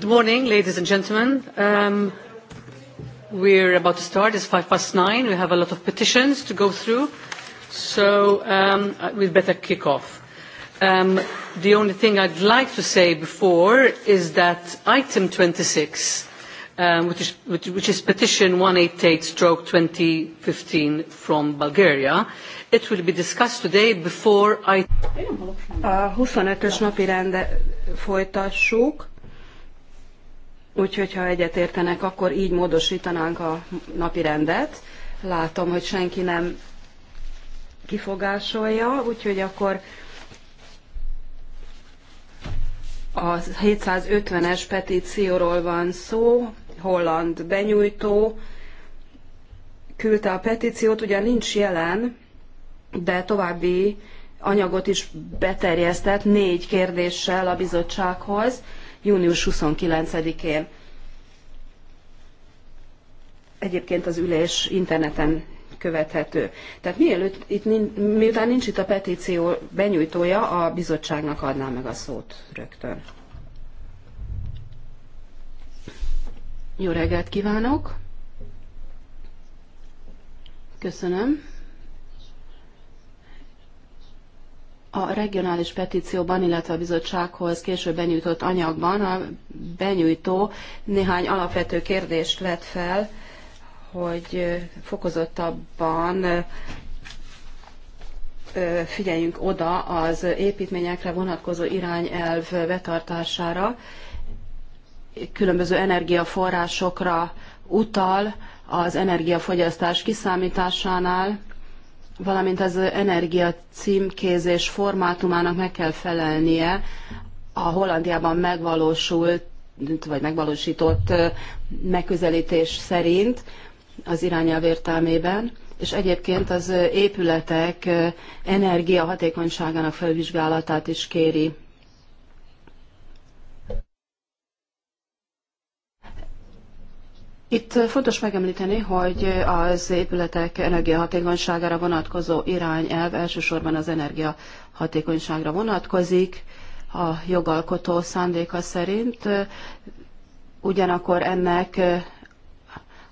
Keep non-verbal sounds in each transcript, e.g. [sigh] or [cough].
Good morning, ladies and gentlemen. Um, we're about to start. It's five past nine. We have a lot of petitions to go through, so um, we'd better kick off. Um, the only thing I'd like to say before is that item 26, which, is, petition 188 2015 from Bulgaria, it will be discussed today before I... A 25-ös napi rende folytassuk. Úgyhogy, ha egyetértenek, akkor így módosítanánk a napi rendet. Látom, hogy senki nem kifogásolja, úgyhogy akkor a 750-es petícióról van szó, holland benyújtó küldte a petíciót, ugyan nincs jelen, de további anyagot is beterjesztett négy kérdéssel a bizottsághoz június 29-én. Egyébként az ülés interneten követhető. Tehát mielőtt itt, miután nincs itt a petíció benyújtója, a bizottságnak adnám meg a szót rögtön. Jó reggelt kívánok! Köszönöm. A regionális petícióban, illetve a bizottsághoz később benyújtott anyagban a benyújtó néhány alapvető kérdést vett fel, hogy fokozottabban figyeljünk oda az építményekre vonatkozó irányelv betartására, különböző energiaforrásokra utal az energiafogyasztás kiszámításánál, valamint az energia címkézés formátumának meg kell felelnie a Hollandiában megvalósult vagy megvalósított megközelítés szerint az irányelv értelmében, és egyébként az épületek energiahatékonyságának felvizsgálatát is kéri Itt fontos megemlíteni, hogy az épületek energiahatékonyságára vonatkozó irányelv elsősorban az energiahatékonyságra vonatkozik, a jogalkotó szándéka szerint, ugyanakkor ennek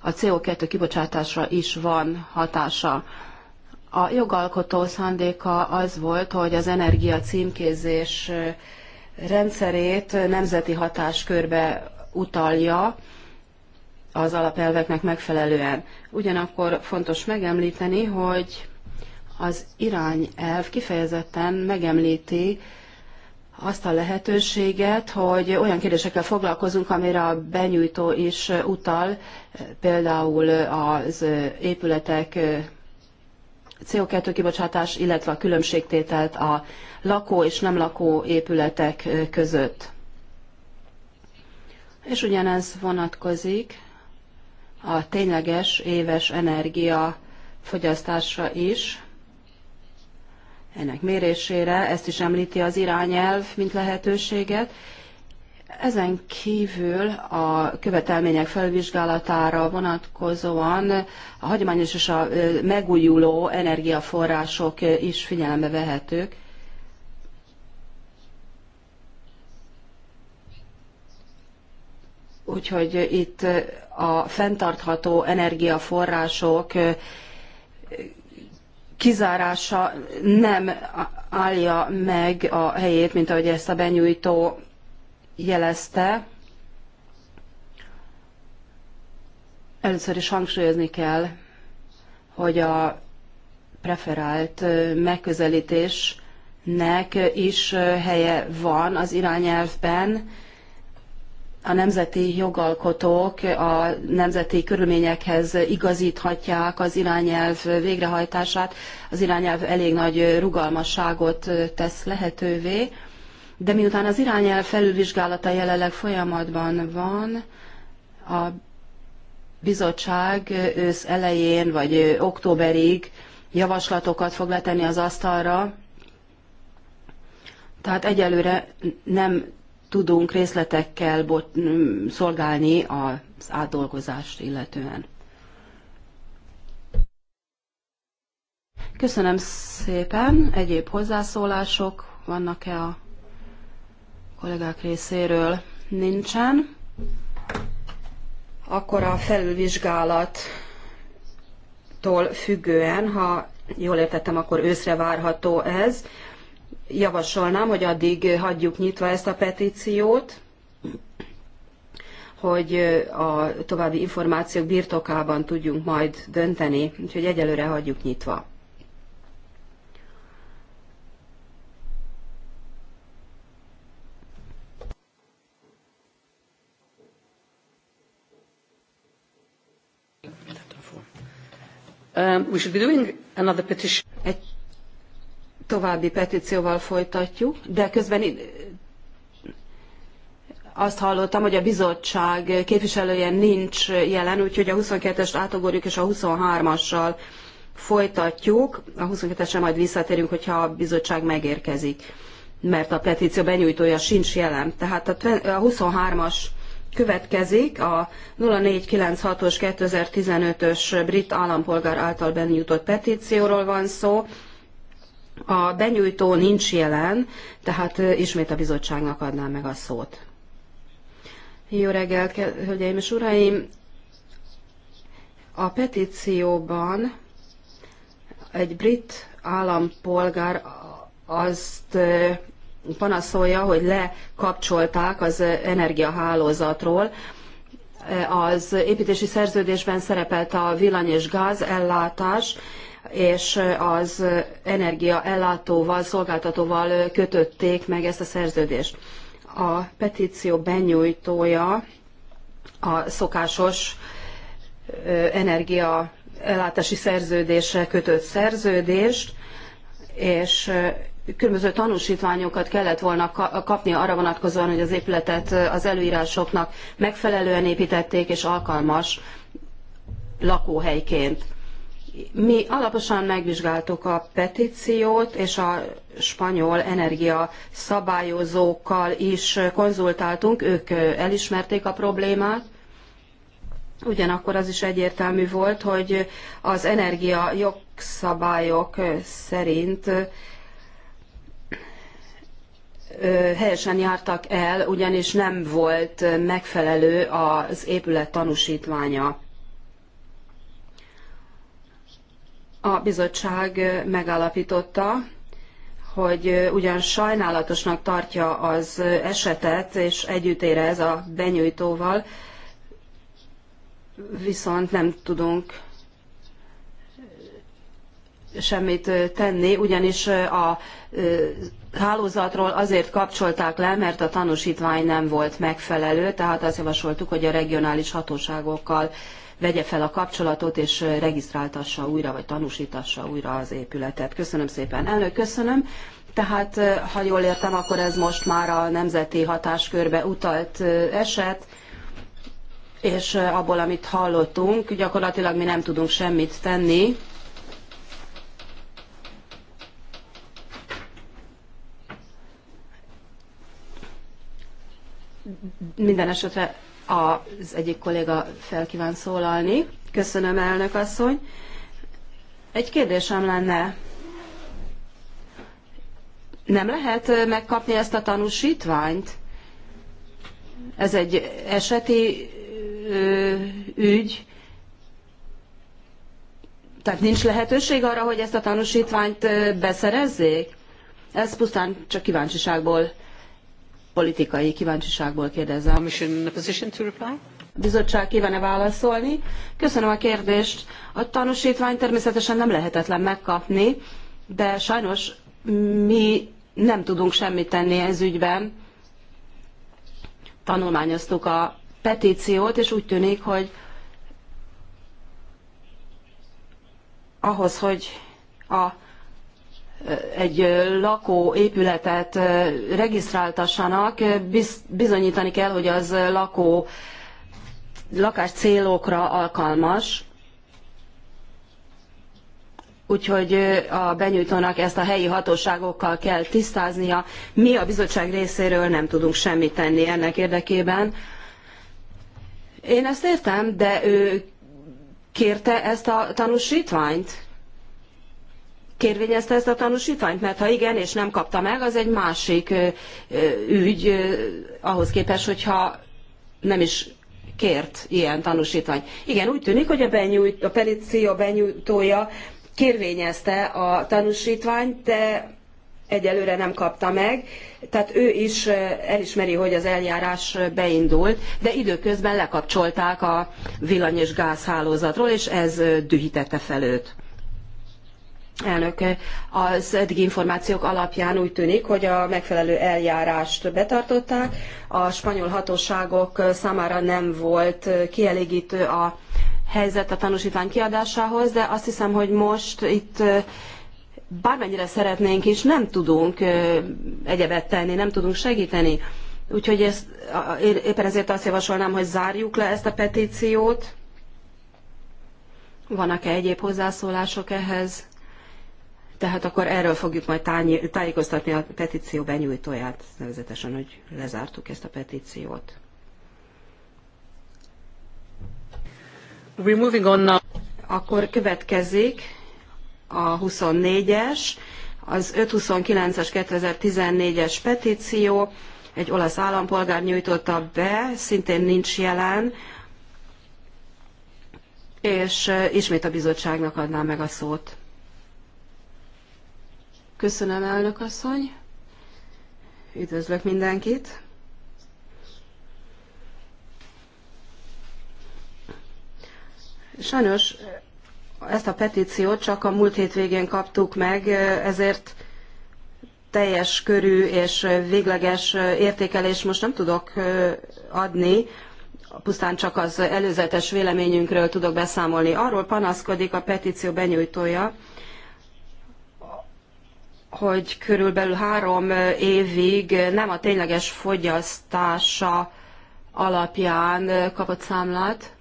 a CO2 kibocsátásra is van hatása. A jogalkotó szándéka az volt, hogy az energia címkézés rendszerét nemzeti hatáskörbe utalja, az alapelveknek megfelelően. Ugyanakkor fontos megemlíteni, hogy az irányelv kifejezetten megemlíti azt a lehetőséget, hogy olyan kérdésekkel foglalkozunk, amire a benyújtó is utal, például az épületek CO2 kibocsátás, illetve a különbségtételt a lakó és nem lakó épületek között. És ugyanez vonatkozik a tényleges éves energia is, ennek mérésére, ezt is említi az irányelv, mint lehetőséget. Ezen kívül a követelmények felvizsgálatára vonatkozóan a hagyományos és a megújuló energiaforrások is figyelembe vehetők. Úgyhogy itt a fenntartható energiaforrások kizárása nem állja meg a helyét, mint ahogy ezt a benyújtó jelezte. Először is hangsúlyozni kell, hogy a preferált megközelítésnek is helye van az irányelvben, a nemzeti jogalkotók a nemzeti körülményekhez igazíthatják az irányelv végrehajtását. Az irányelv elég nagy rugalmasságot tesz lehetővé, de miután az irányelv felülvizsgálata jelenleg folyamatban van, a bizottság ősz elején vagy októberig javaslatokat fog letenni az asztalra, tehát egyelőre nem tudunk részletekkel bot- mm, szolgálni az átdolgozást illetően. Köszönöm szépen. Egyéb hozzászólások vannak-e a kollégák részéről? Nincsen. Akkor a felülvizsgálattól függően, ha jól értettem, akkor őszre várható ez javasolnám, hogy addig hagyjuk nyitva ezt a petíciót, hogy a további információk birtokában tudjunk majd dönteni, úgyhogy egyelőre hagyjuk nyitva. Um, we should be doing another petition. Egy további petícióval folytatjuk, de közben azt hallottam, hogy a bizottság képviselője nincs jelen, úgyhogy a 22-est átogorjuk, és a 23-assal folytatjuk. A 22-esre majd visszatérünk, hogyha a bizottság megérkezik, mert a petíció benyújtója sincs jelen. Tehát a 23-as következik a 0496-os 2015-ös brit állampolgár által benyújtott petícióról van szó, a benyújtó nincs jelen, tehát ismét a bizottságnak adnám meg a szót. Jó reggelt, hölgyeim és uraim! A petícióban egy brit állampolgár azt panaszolja, hogy lekapcsolták az energiahálózatról. Az építési szerződésben szerepelt a villany és gáz ellátás, és az energiaellátóval, szolgáltatóval kötötték meg ezt a szerződést. A petíció benyújtója a szokásos energiaellátási szerződésre kötött szerződést, és különböző tanúsítványokat kellett volna kapni arra vonatkozóan, hogy az épületet az előírásoknak megfelelően építették és alkalmas lakóhelyként. Mi alaposan megvizsgáltuk a petíciót, és a spanyol energia szabályozókkal is konzultáltunk, ők elismerték a problémát, Ugyanakkor az is egyértelmű volt, hogy az energia jogszabályok szerint helyesen jártak el, ugyanis nem volt megfelelő az épület tanúsítványa. A bizottság megállapította, hogy ugyan sajnálatosnak tartja az esetet, és együtt érez a benyújtóval, viszont nem tudunk semmit tenni, ugyanis a hálózatról azért kapcsolták le, mert a tanúsítvány nem volt megfelelő, tehát azt javasoltuk, hogy a regionális hatóságokkal vegye fel a kapcsolatot, és regisztráltassa újra, vagy tanúsítassa újra az épületet. Köszönöm szépen, elnök, köszönöm. Tehát, ha jól értem, akkor ez most már a nemzeti hatáskörbe utalt eset, és abból, amit hallottunk, gyakorlatilag mi nem tudunk semmit tenni, Minden esetre az egyik kolléga felkíván szólalni. Köszönöm, elnök asszony. Egy kérdésem lenne. Nem lehet megkapni ezt a tanúsítványt? Ez egy eseti ö, ügy, tehát nincs lehetőség arra, hogy ezt a tanúsítványt beszerezzék? Ez pusztán csak kíváncsiságból politikai kíváncsiságból kérdezem. A bizottság kívánne válaszolni. Köszönöm a kérdést. A tanúsítvány természetesen nem lehetetlen megkapni, de sajnos mi nem tudunk semmit tenni ez ügyben. Tanulmányoztuk a petíciót, és úgy tűnik, hogy ahhoz, hogy a egy lakóépületet regisztráltassanak, bizonyítani kell, hogy az lakó lakás célokra alkalmas. Úgyhogy a benyújtónak ezt a helyi hatóságokkal kell tisztáznia. Mi a bizottság részéről nem tudunk semmit tenni ennek érdekében. Én ezt értem, de ő kérte ezt a tanúsítványt? kérvényezte ezt a tanúsítványt? Mert ha igen, és nem kapta meg, az egy másik ügy ahhoz képest, hogyha nem is kért ilyen tanúsítvány. Igen, úgy tűnik, hogy a, benyújt, a petíció benyújtója kérvényezte a tanúsítványt, de egyelőre nem kapta meg, tehát ő is elismeri, hogy az eljárás beindult, de időközben lekapcsolták a villany és gázhálózatról, és ez dühítette fel őt elnök, az eddigi információk alapján úgy tűnik, hogy a megfelelő eljárást betartották. A spanyol hatóságok számára nem volt kielégítő a helyzet a tanúsítvány kiadásához, de azt hiszem, hogy most itt bármennyire szeretnénk is, nem tudunk egyebet tenni, nem tudunk segíteni. Úgyhogy ezt, éppen ezért azt javasolnám, hogy zárjuk le ezt a petíciót. Vannak-e egyéb hozzászólások ehhez? Tehát akkor erről fogjuk majd tájékoztatni a petíció benyújtóját, nevezetesen, hogy lezártuk ezt a petíciót. We're moving on now. Akkor következik a 24-es, az 529-es 2014-es petíció, egy olasz állampolgár nyújtotta be, szintén nincs jelen, és eh, ismét a bizottságnak adná meg a szót. Köszönöm, elnök asszony. Üdvözlök mindenkit. Sajnos ezt a petíciót csak a múlt végén kaptuk meg, ezért teljes körű és végleges értékelés most nem tudok adni, pusztán csak az előzetes véleményünkről tudok beszámolni. Arról panaszkodik a petíció benyújtója, hogy körülbelül három évig nem a tényleges fogyasztása alapján kapott számlát,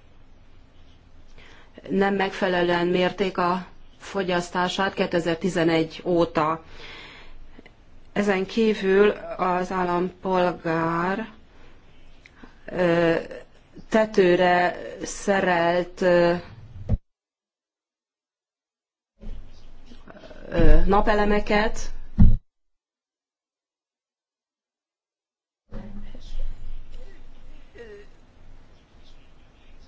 nem megfelelően mérték a fogyasztását 2011 óta. Ezen kívül az állampolgár tetőre szerelt napelemeket,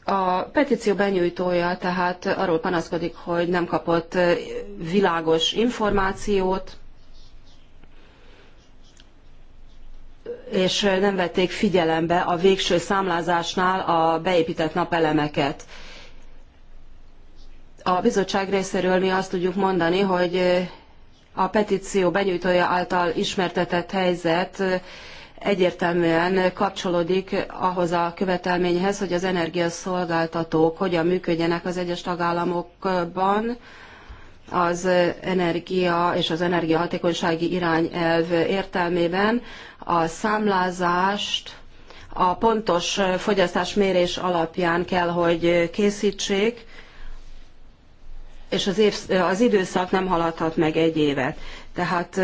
A petíció benyújtója tehát arról panaszkodik, hogy nem kapott világos információt, és nem vették figyelembe a végső számlázásnál a beépített napelemeket a bizottság részéről mi azt tudjuk mondani, hogy a petíció benyújtója által ismertetett helyzet egyértelműen kapcsolódik ahhoz a követelményhez, hogy az energiaszolgáltatók hogyan működjenek az egyes tagállamokban, az energia és az energiahatékonysági irányelv értelmében a számlázást a pontos fogyasztásmérés alapján kell, hogy készítsék, és az, év, az időszak nem haladhat meg egy évet. Tehát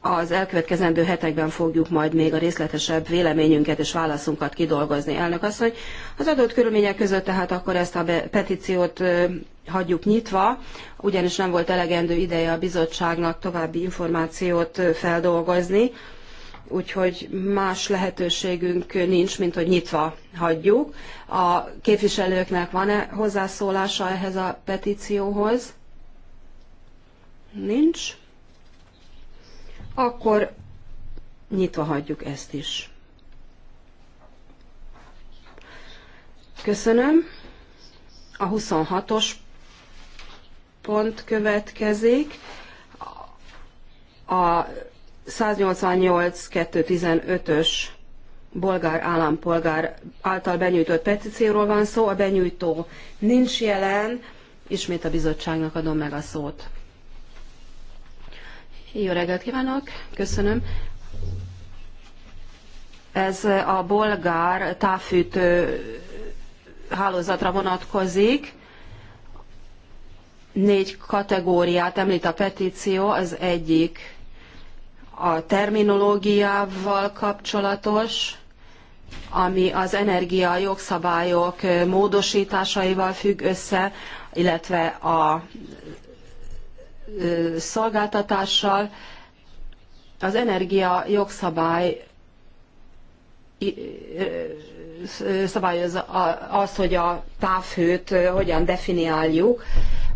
az elkövetkezendő hetekben fogjuk majd még a részletesebb véleményünket és válaszunkat kidolgozni. Elnök hogy az adott körülmények között tehát akkor ezt a petíciót hagyjuk nyitva, ugyanis nem volt elegendő ideje a bizottságnak további információt feldolgozni úgyhogy más lehetőségünk nincs, mint hogy nyitva hagyjuk. A képviselőknek van-e hozzászólása ehhez a petícióhoz? Nincs. Akkor nyitva hagyjuk ezt is. Köszönöm. A 26-os pont következik. A 188-215-ös bolgár állampolgár által benyújtott petícióról van szó, a benyújtó nincs jelen, ismét a bizottságnak adom meg a szót. Jó reggelt kívánok, köszönöm. Ez a bolgár távfűtő hálózatra vonatkozik. Négy kategóriát említ a petíció, az egyik a terminológiával kapcsolatos, ami az energia jogszabályok módosításaival függ össze, illetve a szolgáltatással. Az energia jogszabály szabályozza azt, hogy a távhőt hogyan definiáljuk.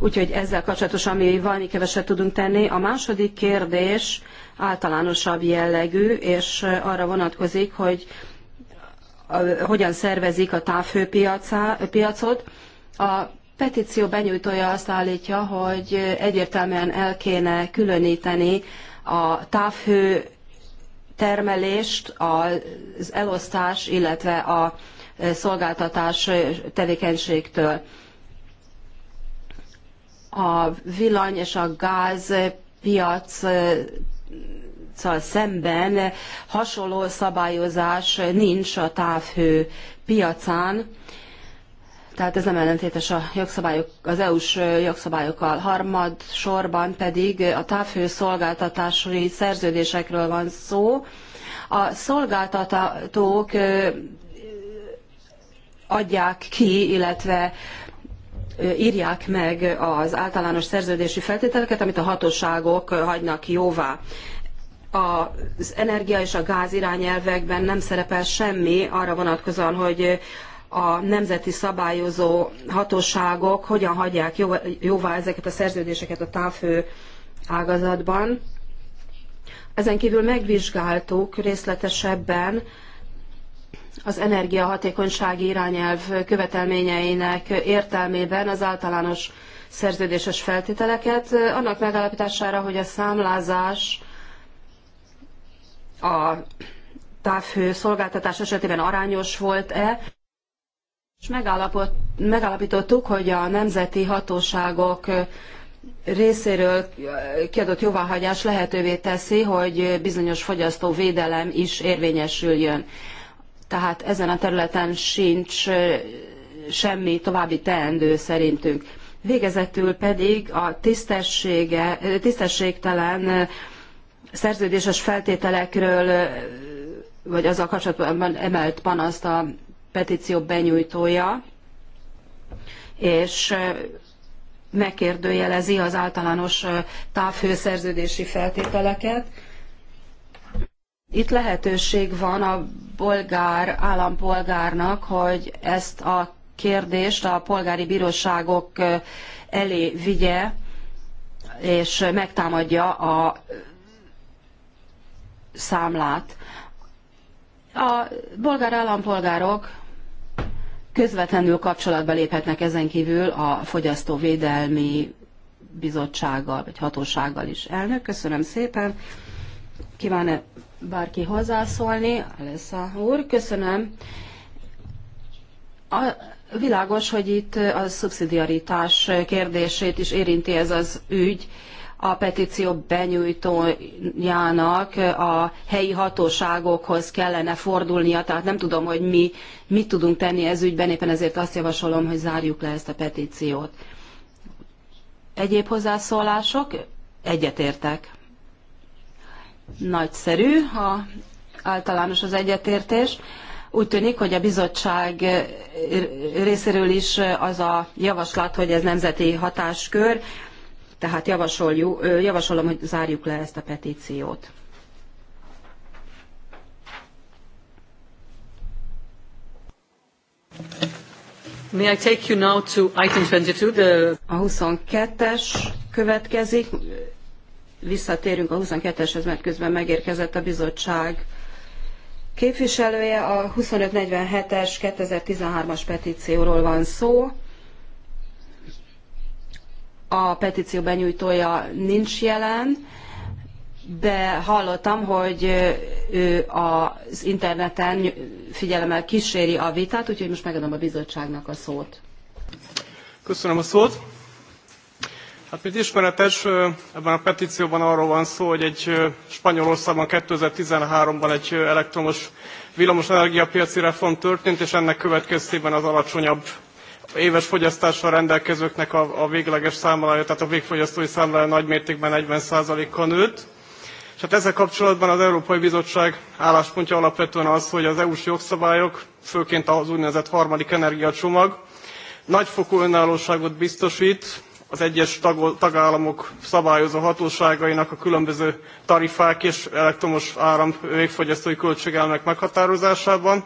Úgyhogy ezzel kapcsolatosan mi valami keveset tudunk tenni. A második kérdés általánosabb jellegű, és arra vonatkozik, hogy hogyan szervezik a távhőpiacot. A petíció benyújtója azt állítja, hogy egyértelműen el kéne különíteni a távhő termelést, az elosztás, illetve a szolgáltatás tevékenységtől. A villany és a gáz piac szemben hasonló szabályozás nincs a távhő piacán, tehát ez nem ellentétes a jogszabályok, az EU-s jogszabályokkal. Harmad sorban pedig a távhőszolgáltatási szerződésekről van szó. A szolgáltatók adják ki, illetve írják meg az általános szerződési feltételeket, amit a hatóságok hagynak jóvá. Az energia és a gáz irányelvekben nem szerepel semmi arra vonatkozóan, hogy a nemzeti szabályozó hatóságok hogyan hagyják jóvá ezeket a szerződéseket a távfő ágazatban. Ezen kívül megvizsgáltuk részletesebben az energiahatékonysági irányelv követelményeinek értelmében az általános szerződéses feltételeket, annak megállapítására, hogy a számlázás a távhő szolgáltatás esetében arányos volt-e, és megállapot, megállapítottuk, hogy a nemzeti hatóságok részéről kiadott jóváhagyás lehetővé teszi, hogy bizonyos fogyasztóvédelem is érvényesüljön. Tehát ezen a területen sincs semmi további teendő szerintünk. Végezetül pedig a tisztességtelen szerződéses feltételekről, vagy azzal kapcsolatban emelt panaszt a petíció benyújtója, és megkérdőjelezi az általános távhőszerződési feltételeket. Itt lehetőség van a bolgár állampolgárnak, hogy ezt a kérdést a polgári bíróságok elé vigye, és megtámadja a számlát. A bolgár állampolgárok közvetlenül kapcsolatba léphetnek ezen kívül a fogyasztóvédelmi bizottsággal vagy hatósággal is. Elnök, köszönöm szépen. Kíván-e bárki hozzászólni? Alessa úr, köszönöm. A, világos, hogy itt a szubszidiaritás kérdését is érinti ez az ügy a petíció benyújtójának a helyi hatóságokhoz kellene fordulnia, tehát nem tudom, hogy mi mit tudunk tenni ez ügyben, éppen ezért azt javasolom, hogy zárjuk le ezt a petíciót. Egyéb hozzászólások? Egyetértek. Nagyszerű, ha általános az egyetértés. Úgy tűnik, hogy a bizottság részéről is az a javaslat, hogy ez nemzeti hatáskör, tehát javasoljuk, javasolom, hogy zárjuk le ezt a petíciót. May I take you now to item 22, the... A 22-es következik. Visszatérünk a 22-eshez, mert közben megérkezett a bizottság képviselője. A 2547-es 2013-as petícióról van szó a petíció benyújtója nincs jelen, de hallottam, hogy ő az interneten figyelemmel kíséri a vitát, úgyhogy most megadom a bizottságnak a szót. Köszönöm a szót. Hát mint ismeretes, ebben a petícióban arról van szó, hogy egy Spanyolországban 2013-ban egy elektromos villamos energiapiaci reform történt, és ennek következtében az alacsonyabb éves fogyasztással rendelkezőknek a, a végleges számlája, tehát a végfogyasztói számlája nagymértékben 40%-kal nőtt. És hát ezzel kapcsolatban az Európai Bizottság álláspontja alapvetően az, hogy az EU-s jogszabályok, főként az úgynevezett harmadik energiacsomag, nagyfokú önállóságot biztosít az egyes tagállamok szabályozó hatóságainak a különböző tarifák és elektromos áram végfogyasztói költségelmek meghatározásában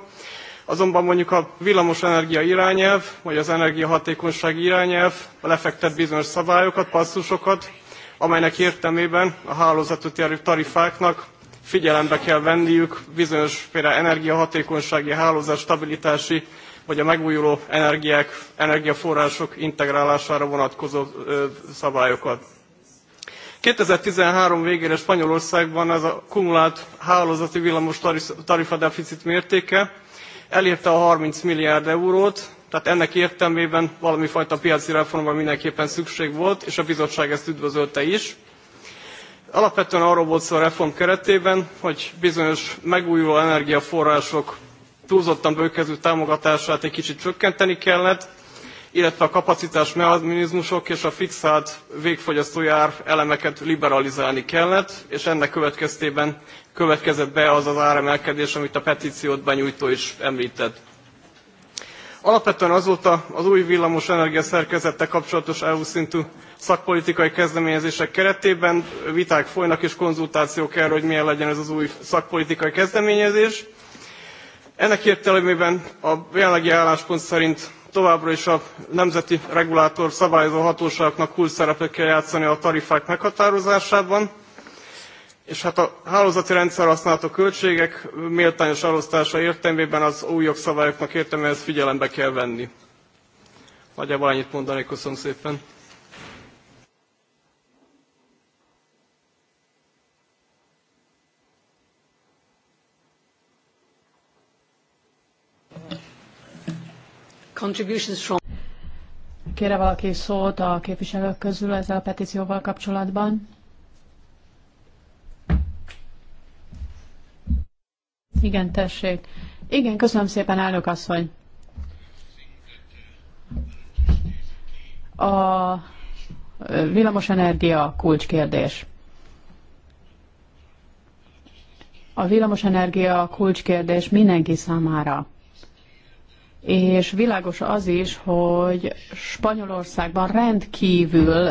Azonban mondjuk a villamosenergia irányelv, vagy az energiahatékonyság irányelv lefektet bizonyos szabályokat, passzusokat, amelynek értelmében a hálózati tarifáknak figyelembe kell venniük bizonyos például energiahatékonysági, hálózat stabilitási vagy a megújuló energiák, energiaforrások integrálására vonatkozó szabályokat. 2013 végére Spanyolországban ez a kumulált hálózati villamos tarifadeficit mértéke elérte a 30 milliárd eurót, tehát ennek értelmében valami fajta piaci reformra mindenképpen szükség volt, és a bizottság ezt üdvözölte is. Alapvetően arról volt szó a reform keretében, hogy bizonyos megújuló energiaforrások túlzottan bőkezű támogatását egy kicsit csökkenteni kellett, illetve a kapacitás mechanizmusok és a fixált végfogyasztói ár elemeket liberalizálni kellett, és ennek következtében következett be az az áremelkedés, amit a petíciót benyújtó is említett. Alapvetően azóta az új villamos energiaszerkezettel kapcsolatos EU szintű szakpolitikai kezdeményezések keretében viták folynak és konzultációk erről, hogy milyen legyen ez az új szakpolitikai kezdeményezés. Ennek értelmében a jelenlegi álláspont szerint továbbra is a nemzeti regulátor szabályozó hatóságoknak kulcs szerepet kell játszani a tarifák meghatározásában, és hát a hálózati rendszer használható költségek méltányos elosztása értelmében az új jogszabályoknak értelmében ezt figyelembe kell venni. Nagyjából ennyit mondanék, köszönöm szépen. contributions Kére valaki szót a képviselők közül ezzel a petícióval kapcsolatban? Igen, tessék. Igen, köszönöm szépen, elnök asszony. A villamosenergia kulcskérdés. A villamosenergia kulcskérdés mindenki számára és világos az is, hogy Spanyolországban rendkívül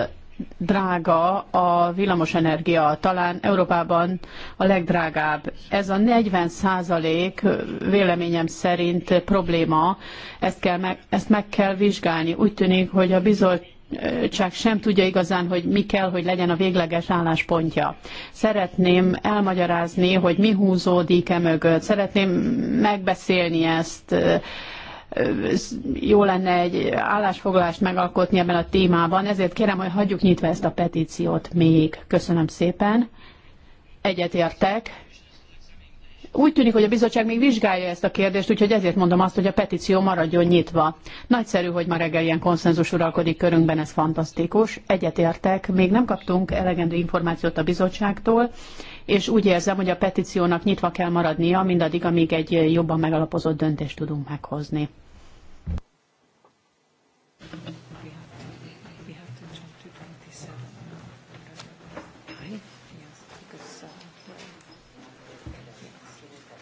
drága a villamosenergia, talán Európában a legdrágább. Ez a 40 százalék véleményem szerint probléma, ezt, kell meg, ezt meg kell vizsgálni. Úgy tűnik, hogy a bizottság sem tudja igazán, hogy mi kell, hogy legyen a végleges álláspontja. Szeretném elmagyarázni, hogy mi húzódik e mögött. Szeretném megbeszélni ezt jó lenne egy állásfoglalást megalkotni ebben a témában, ezért kérem, hogy hagyjuk nyitva ezt a petíciót még. Köszönöm szépen. Egyetértek. Úgy tűnik, hogy a bizottság még vizsgálja ezt a kérdést, úgyhogy ezért mondom azt, hogy a petíció maradjon nyitva. Nagyszerű, hogy ma reggel ilyen konszenzus uralkodik körünkben, ez fantasztikus. Egyetértek, még nem kaptunk elegendő információt a bizottságtól, és úgy érzem, hogy a petíciónak nyitva kell maradnia, mindaddig, amíg egy jobban megalapozott döntést tudunk meghozni.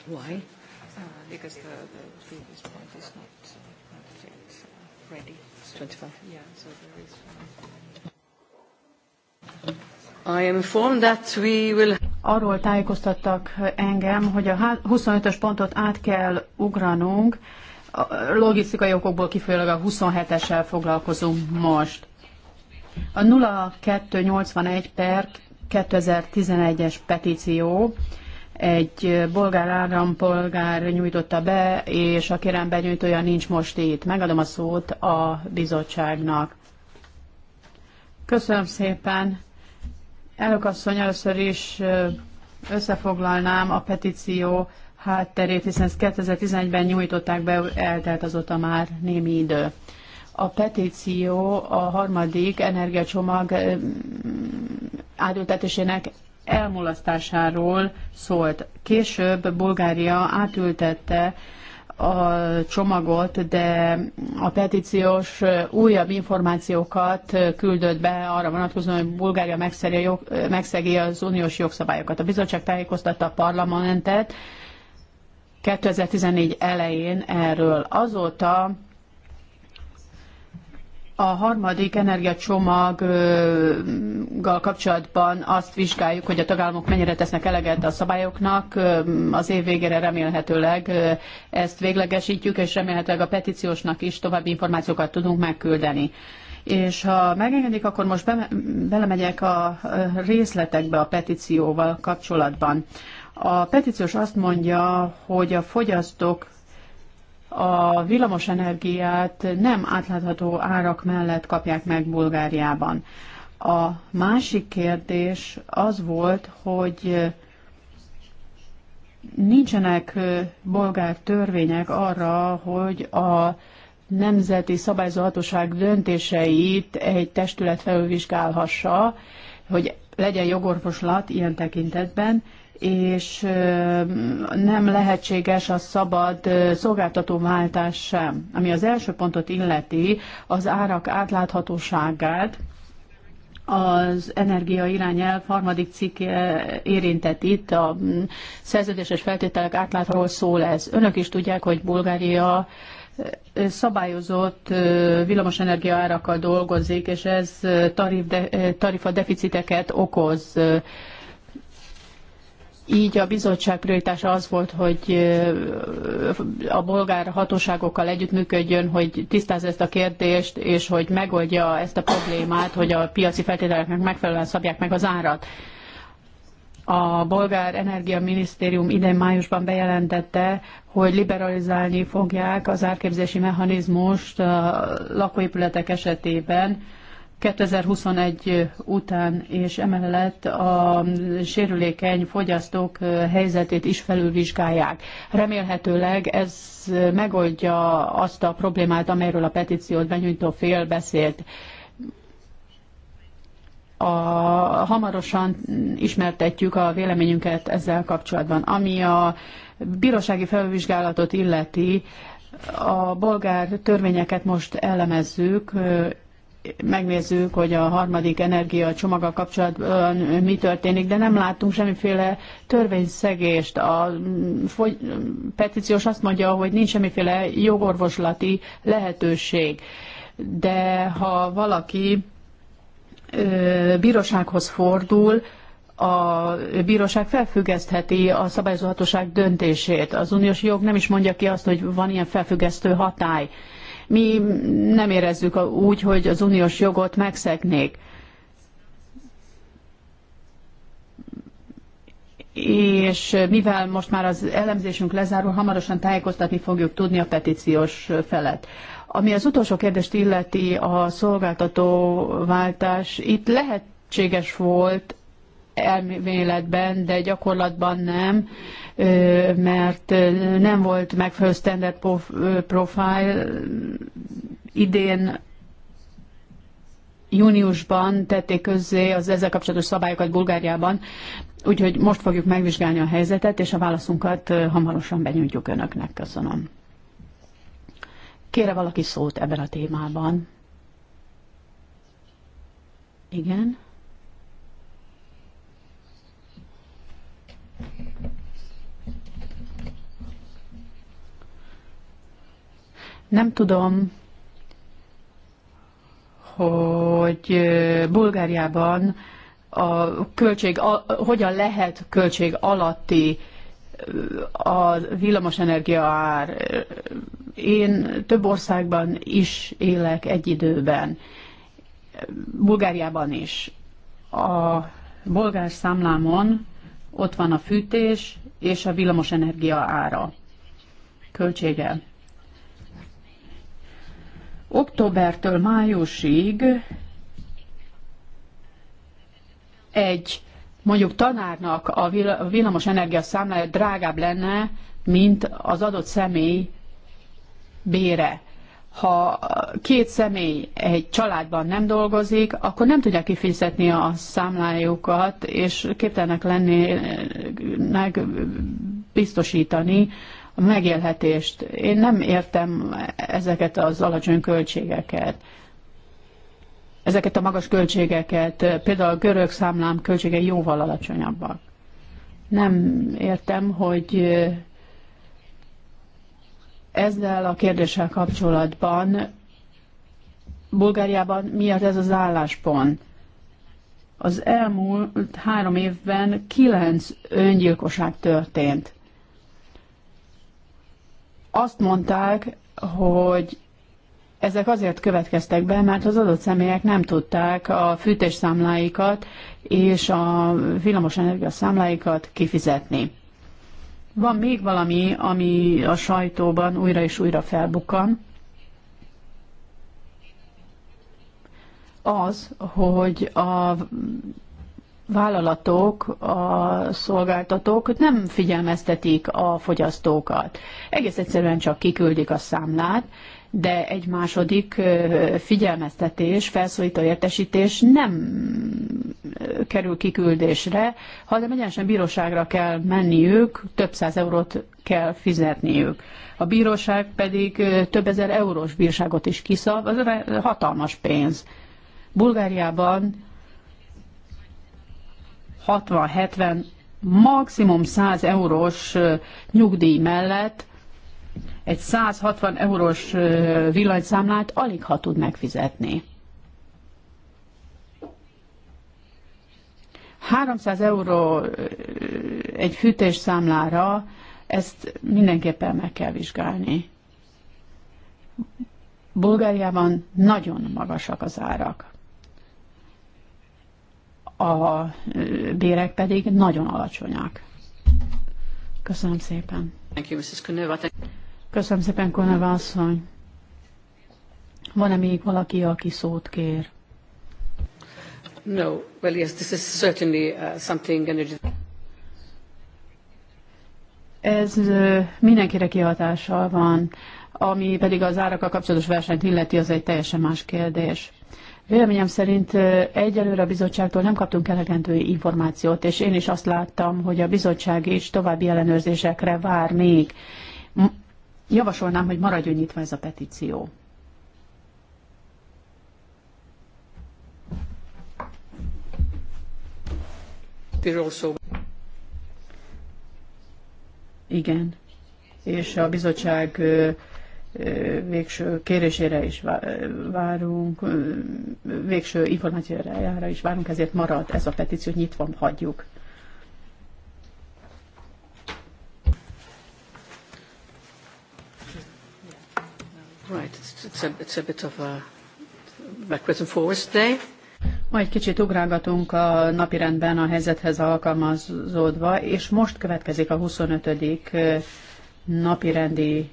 Why? Uh, because the, the previous point is not, not yet uh, ready. 25. Yeah, so there is I am informed that we will... Arról tájékoztattak engem, hogy a 25-ös pontot át kell ugranunk, a logisztikai okokból kifolyólag a 27-essel foglalkozunk most. A 0281 per 2011-es petíció egy bolgár állampolgár nyújtotta be, és a kérem benyújtója nincs most itt. Megadom a szót a bizottságnak. Köszönöm szépen. Elnök asszony, először is összefoglalnám a petíció hátterét, hiszen ezt 2011-ben nyújtották be, eltelt azóta már némi idő. A petíció a harmadik energiacsomag mm, átültetésének elmulasztásáról szólt. Később Bulgária átültette a csomagot, de a petíciós újabb információkat küldött be arra vonatkozóan, hogy Bulgária megszegi az uniós jogszabályokat. A bizottság tájékoztatta a parlamentet, 2014 elején erről. Azóta a harmadik energiacsomaggal kapcsolatban azt vizsgáljuk, hogy a tagállamok mennyire tesznek eleget a szabályoknak. Az év végére remélhetőleg ezt véglegesítjük, és remélhetőleg a petíciósnak is további információkat tudunk megküldeni. És ha megengedik, akkor most be, belemegyek a részletekbe a petícióval kapcsolatban. A petíciós azt mondja, hogy a fogyasztók a energiát nem átlátható árak mellett kapják meg Bulgáriában. A másik kérdés az volt, hogy nincsenek bolgár törvények arra, hogy a nemzeti szabályzóhatóság döntéseit egy testület felülvizsgálhassa, hogy legyen jogorvoslat ilyen tekintetben, és nem lehetséges a szabad váltás sem. Ami az első pontot illeti, az árak átláthatóságát, az energia irányelv harmadik cikk érintett itt, a mm, szerződéses feltételek átláthatóról szól ez. Önök is tudják, hogy Bulgária szabályozott villamosenergia árakkal dolgozik, és ez tarifa deficiteket okoz így a bizottság prioritása az volt, hogy a bolgár hatóságokkal együttműködjön, hogy tisztázza ezt a kérdést, és hogy megoldja ezt a problémát, hogy a piaci feltételeknek megfelelően szabják meg az árat. A bolgár energiaminisztérium idén májusban bejelentette, hogy liberalizálni fogják az árképzési mechanizmust a lakóépületek esetében, 2021 után, és emellett a sérülékeny fogyasztók helyzetét is felülvizsgálják. Remélhetőleg ez megoldja azt a problémát, amelyről a petíciót benyújtó fél beszélt. A, hamarosan ismertetjük a véleményünket ezzel kapcsolatban. Ami a bírósági felvizsgálatot illeti, a bolgár törvényeket most elemezzük, megnézzük, hogy a harmadik energia csomaga kapcsolatban mi történik, de nem látunk semmiféle törvényszegést. A fogy- petíciós azt mondja, hogy nincs semmiféle jogorvoslati lehetőség. De ha valaki ö, bírósághoz fordul, a bíróság felfüggesztheti a szabályozóhatóság döntését. Az uniós jog nem is mondja ki azt, hogy van ilyen felfüggesztő hatály. Ö, mi nem érezzük úgy, hogy az uniós jogot megszegnék. és mivel most már az elemzésünk lezárul, hamarosan tájékoztatni fogjuk tudni a petíciós felet. Ami az utolsó kérdést illeti, a szolgáltató váltás, itt lehetséges volt elméletben, de gyakorlatban nem, mert nem volt megfelelő standard profile. Idén júniusban tették közzé az ezzel kapcsolatos szabályokat Bulgáriában, úgyhogy most fogjuk megvizsgálni a helyzetet, és a válaszunkat hamarosan benyújtjuk Önöknek. Köszönöm. Kére valaki szót ebben a témában? Igen. Nem tudom, hogy Bulgáriában a költség, a, hogyan lehet költség alatti a villamosenergia ár. Én több országban is élek egy időben, Bulgáriában is. A bolgár számlámon ott van a fűtés és a villamosenergia ára költsége. Októbertől májusig egy mondjuk tanárnak a villamos energia számlája drágább lenne, mint az adott személy bére. Ha két személy egy családban nem dolgozik, akkor nem tudják kifizetni a számlájukat, és képtelenek lennének biztosítani megélhetést. Én nem értem ezeket az alacsony költségeket, ezeket a magas költségeket, például a görög számlám költségei jóval alacsonyabbak. Nem értem, hogy eh, ezzel a kérdéssel kapcsolatban Bulgáriában miért ez az álláspont? Az elmúlt három évben kilenc öngyilkosság történt azt mondták, hogy ezek azért következtek be, mert az adott személyek nem tudták a fűtésszámláikat és a villamosenergia számláikat kifizetni. Van még valami, ami a sajtóban újra és újra felbukkan. Az, hogy a vállalatok, a szolgáltatók nem figyelmeztetik a fogyasztókat. Egész egyszerűen csak kiküldik a számlát, de egy második figyelmeztetés, felszólító értesítés nem kerül kiküldésre, hanem egyenesen bíróságra kell menniük, több száz eurót kell fizetniük. A bíróság pedig több ezer eurós bírságot is kiszab, az hatalmas pénz. Bulgáriában 60-70, maximum 100 eurós nyugdíj mellett egy 160 eurós villanyszámlát alig ha tud megfizetni. 300 euró egy fűtés számlára ezt mindenképpen meg kell vizsgálni. Bulgáriában nagyon magasak az árak a bérek pedig nagyon alacsonyak. Köszönöm szépen. Köszönöm szépen, Koneva asszony. Van-e még valaki, aki szót kér? No, well yes, this is certainly uh, something energy. Ez mindenkire kihatással van, ami pedig az árakkal kapcsolatos versenyt illeti, az egy teljesen más kérdés. Véleményem szerint egyelőre a bizottságtól nem kaptunk elegendő információt, és én is azt láttam, hogy a bizottság is további ellenőrzésekre vár még. Javasolnám, hogy maradjon nyitva ez a petíció. Igen. És a bizottság végső kérésére is várunk, végső információjára is várunk, ezért marad ez a petíció, nyitva hagyjuk. Right, it's a, it's a bit of a backwards and forwards day. Ma egy kicsit ugrálgatunk a napirendben a helyzethez alkalmazódva, és most következik a 25. Eh, napirendi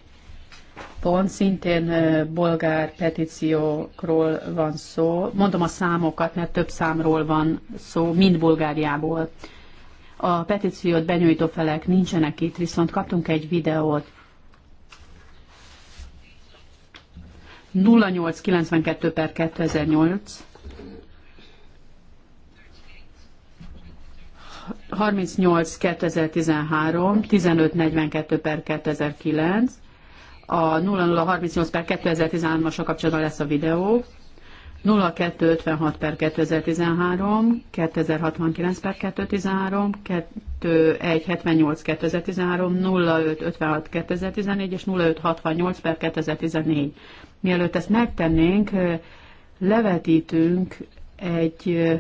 pont, szintén bolgár petíciókról van szó. Mondom a számokat, mert több számról van szó, mind Bulgáriából. A petíciót benyújtó felek nincsenek itt, viszont kaptunk egy videót. 0892 per 2008 38 2013 1542 per 2009 a 0038 per 2013-asra kapcsolatban lesz a videó, 0256 per 2013, 2069 per 2013, 2178 2013, 0556 2014 és 0568 per 2014. Mielőtt ezt megtennénk, levetítünk egy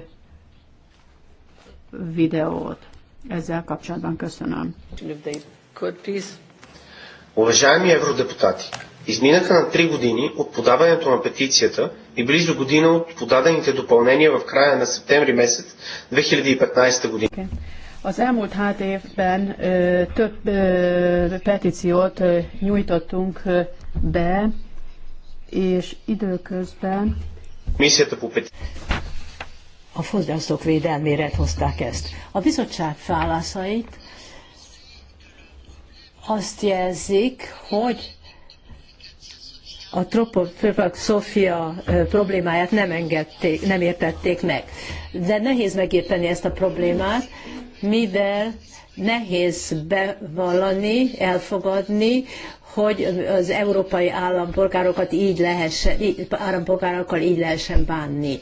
videót ezzel kapcsolatban. Köszönöm. Could, please. Уважаеми евродепутати, изминаха на три години от подаването на петицията и близо година от подадените допълнения в края на септември месец 2015 година. Az elmúlt hát évben ö, több ö, petíciót ö, nyújtottunk ö, be, és időközben a fogyasztók védelmére hozták ezt. A bizottság válaszait azt jelzik, hogy a Tropak Sofia problémáját nem, engedték, nem értették meg. De nehéz megérteni ezt a problémát, mivel nehéz bevallani, elfogadni, hogy az európai állampolgárokat így lehessen, állampolgárokkal így lehessen bánni.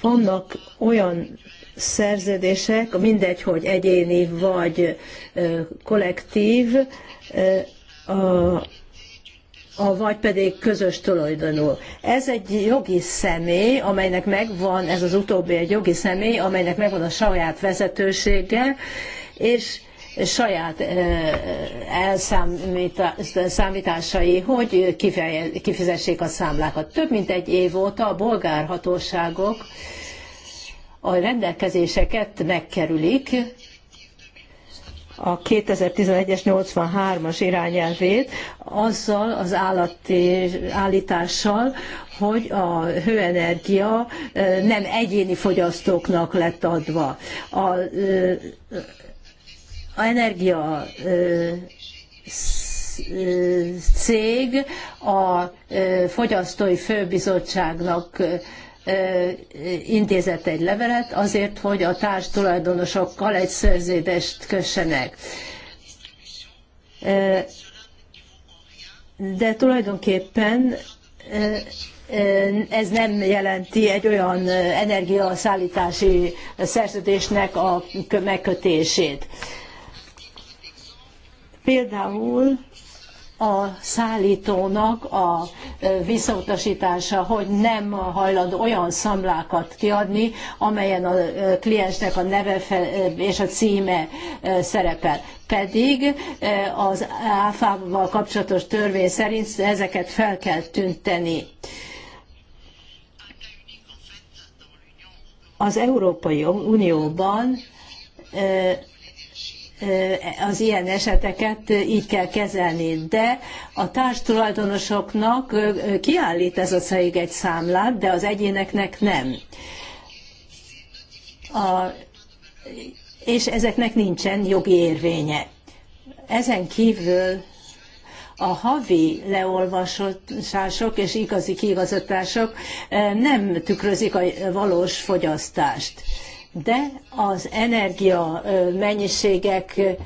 Vannak olyan szerződések, mindegy, hogy egyéni vagy kollektív, a, a, vagy pedig közös tulajdonú. Ez egy jogi személy, amelynek megvan, ez az utóbbi egy jogi személy, amelynek megvan a saját vezetősége, és saját elszámításai, hogy kifizessék a számlákat. Több mint egy év óta a bolgár hatóságok a rendelkezéseket megkerülik, a 2011-es 83-as irányelvét azzal az állati, állítással, hogy a hőenergia nem egyéni fogyasztóknak lett adva. A, a energia cég a fogyasztói főbizottságnak intézett egy levelet azért, hogy a társ tulajdonosokkal egy szerződést kössenek. De tulajdonképpen ez nem jelenti egy olyan energiaszállítási szerződésnek a megkötését. Például a szállítónak a visszautasítása, hogy nem hajlandó olyan számlákat kiadni, amelyen a kliensnek a neve és a címe szerepel. Pedig az áfával kapcsolatos törvény szerint ezeket fel kell tünteni. Az Európai Unióban az ilyen eseteket így kell kezelni, de a társtulajdonosoknak kiállít ez a cég egy számlát, de az egyéneknek nem. A, és ezeknek nincsen jogi érvénye. Ezen kívül a havi leolvasások és igazi kiigazatások nem tükrözik a valós fogyasztást de az energia mennyiségeket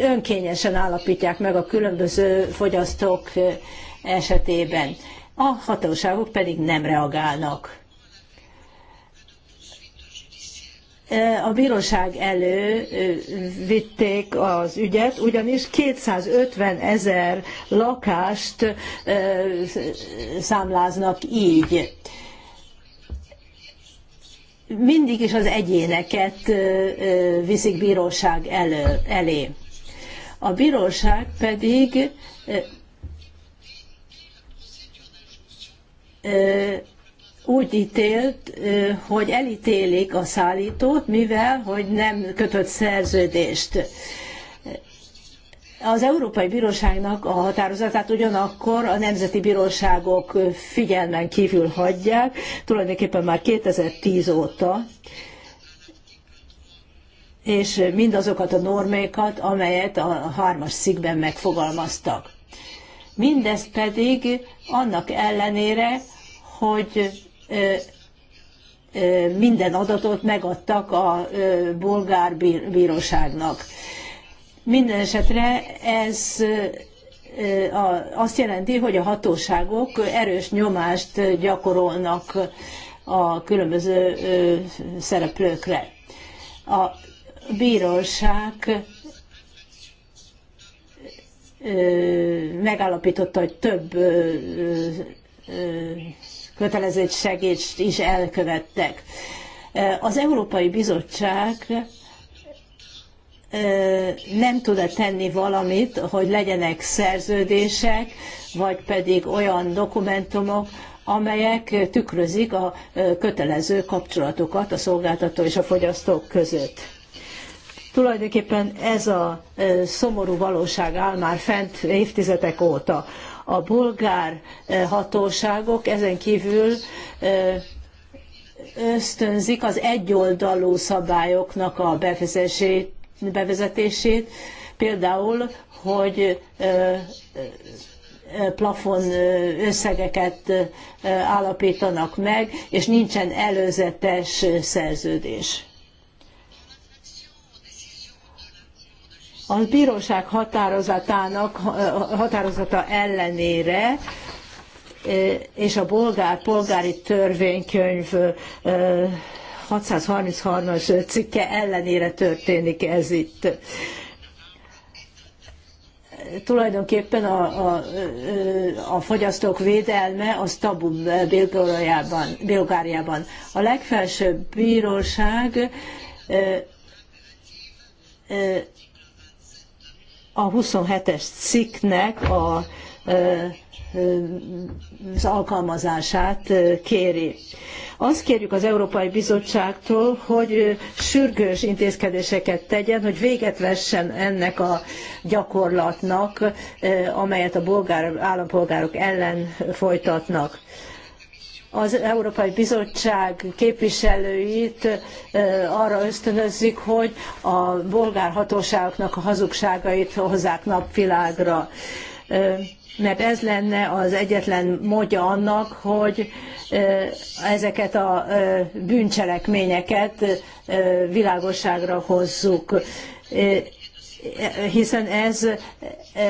önkényesen állapítják meg a különböző fogyasztók esetében. A hatóságok pedig nem reagálnak. a bíróság elő vitték az ügyet, ugyanis 250 ezer lakást számláznak így mindig is az egyéneket viszik bíróság elő, elé. A bíróság pedig úgy ítélt, hogy elítélik a szállítót, mivel hogy nem kötött szerződést. Az Európai Bíróságnak a határozatát ugyanakkor a nemzeti bíróságok figyelmen kívül hagyják, tulajdonképpen már 2010 óta, és mindazokat a normékat, amelyet a hármas szikben megfogalmaztak. Mindez pedig annak ellenére, hogy minden adatot megadtak a bolgár bíróságnak. Minden esetre ez azt jelenti, hogy a hatóságok erős nyomást gyakorolnak a különböző szereplőkre. A bíróság megállapította, hogy több kötelezettségét is elkövettek. Az Európai Bizottság nem tud-e tenni valamit, hogy legyenek szerződések, vagy pedig olyan dokumentumok, amelyek tükrözik a kötelező kapcsolatokat a szolgáltató és a fogyasztók között. Tulajdonképpen ez a szomorú valóság áll már fent évtizedek óta. A bolgár hatóságok ezen kívül ösztönzik az egyoldalú szabályoknak a bevezetését, bevezetését, például, hogy plafon összegeket állapítanak meg, és nincsen előzetes szerződés. A bíróság határozatának, határozata ellenére és a bolgár, polgári törvénykönyv 633-as cikke ellenére történik ez itt. Tulajdonképpen a, a, a fogyasztók védelme az tabu Bulgáriában. A legfelsőbb bíróság a 27-es cikknek a az alkalmazását kéri. Azt kérjük az Európai Bizottságtól, hogy sürgős intézkedéseket tegyen, hogy véget vessen ennek a gyakorlatnak, amelyet a bolgár, állampolgárok ellen folytatnak az Európai Bizottság képviselőit arra ösztönözzük, hogy a bolgár hatóságoknak a hazugságait hozzák napvilágra mert ez lenne az egyetlen módja annak, hogy ezeket a bűncselekményeket világosságra hozzuk hiszen ez e,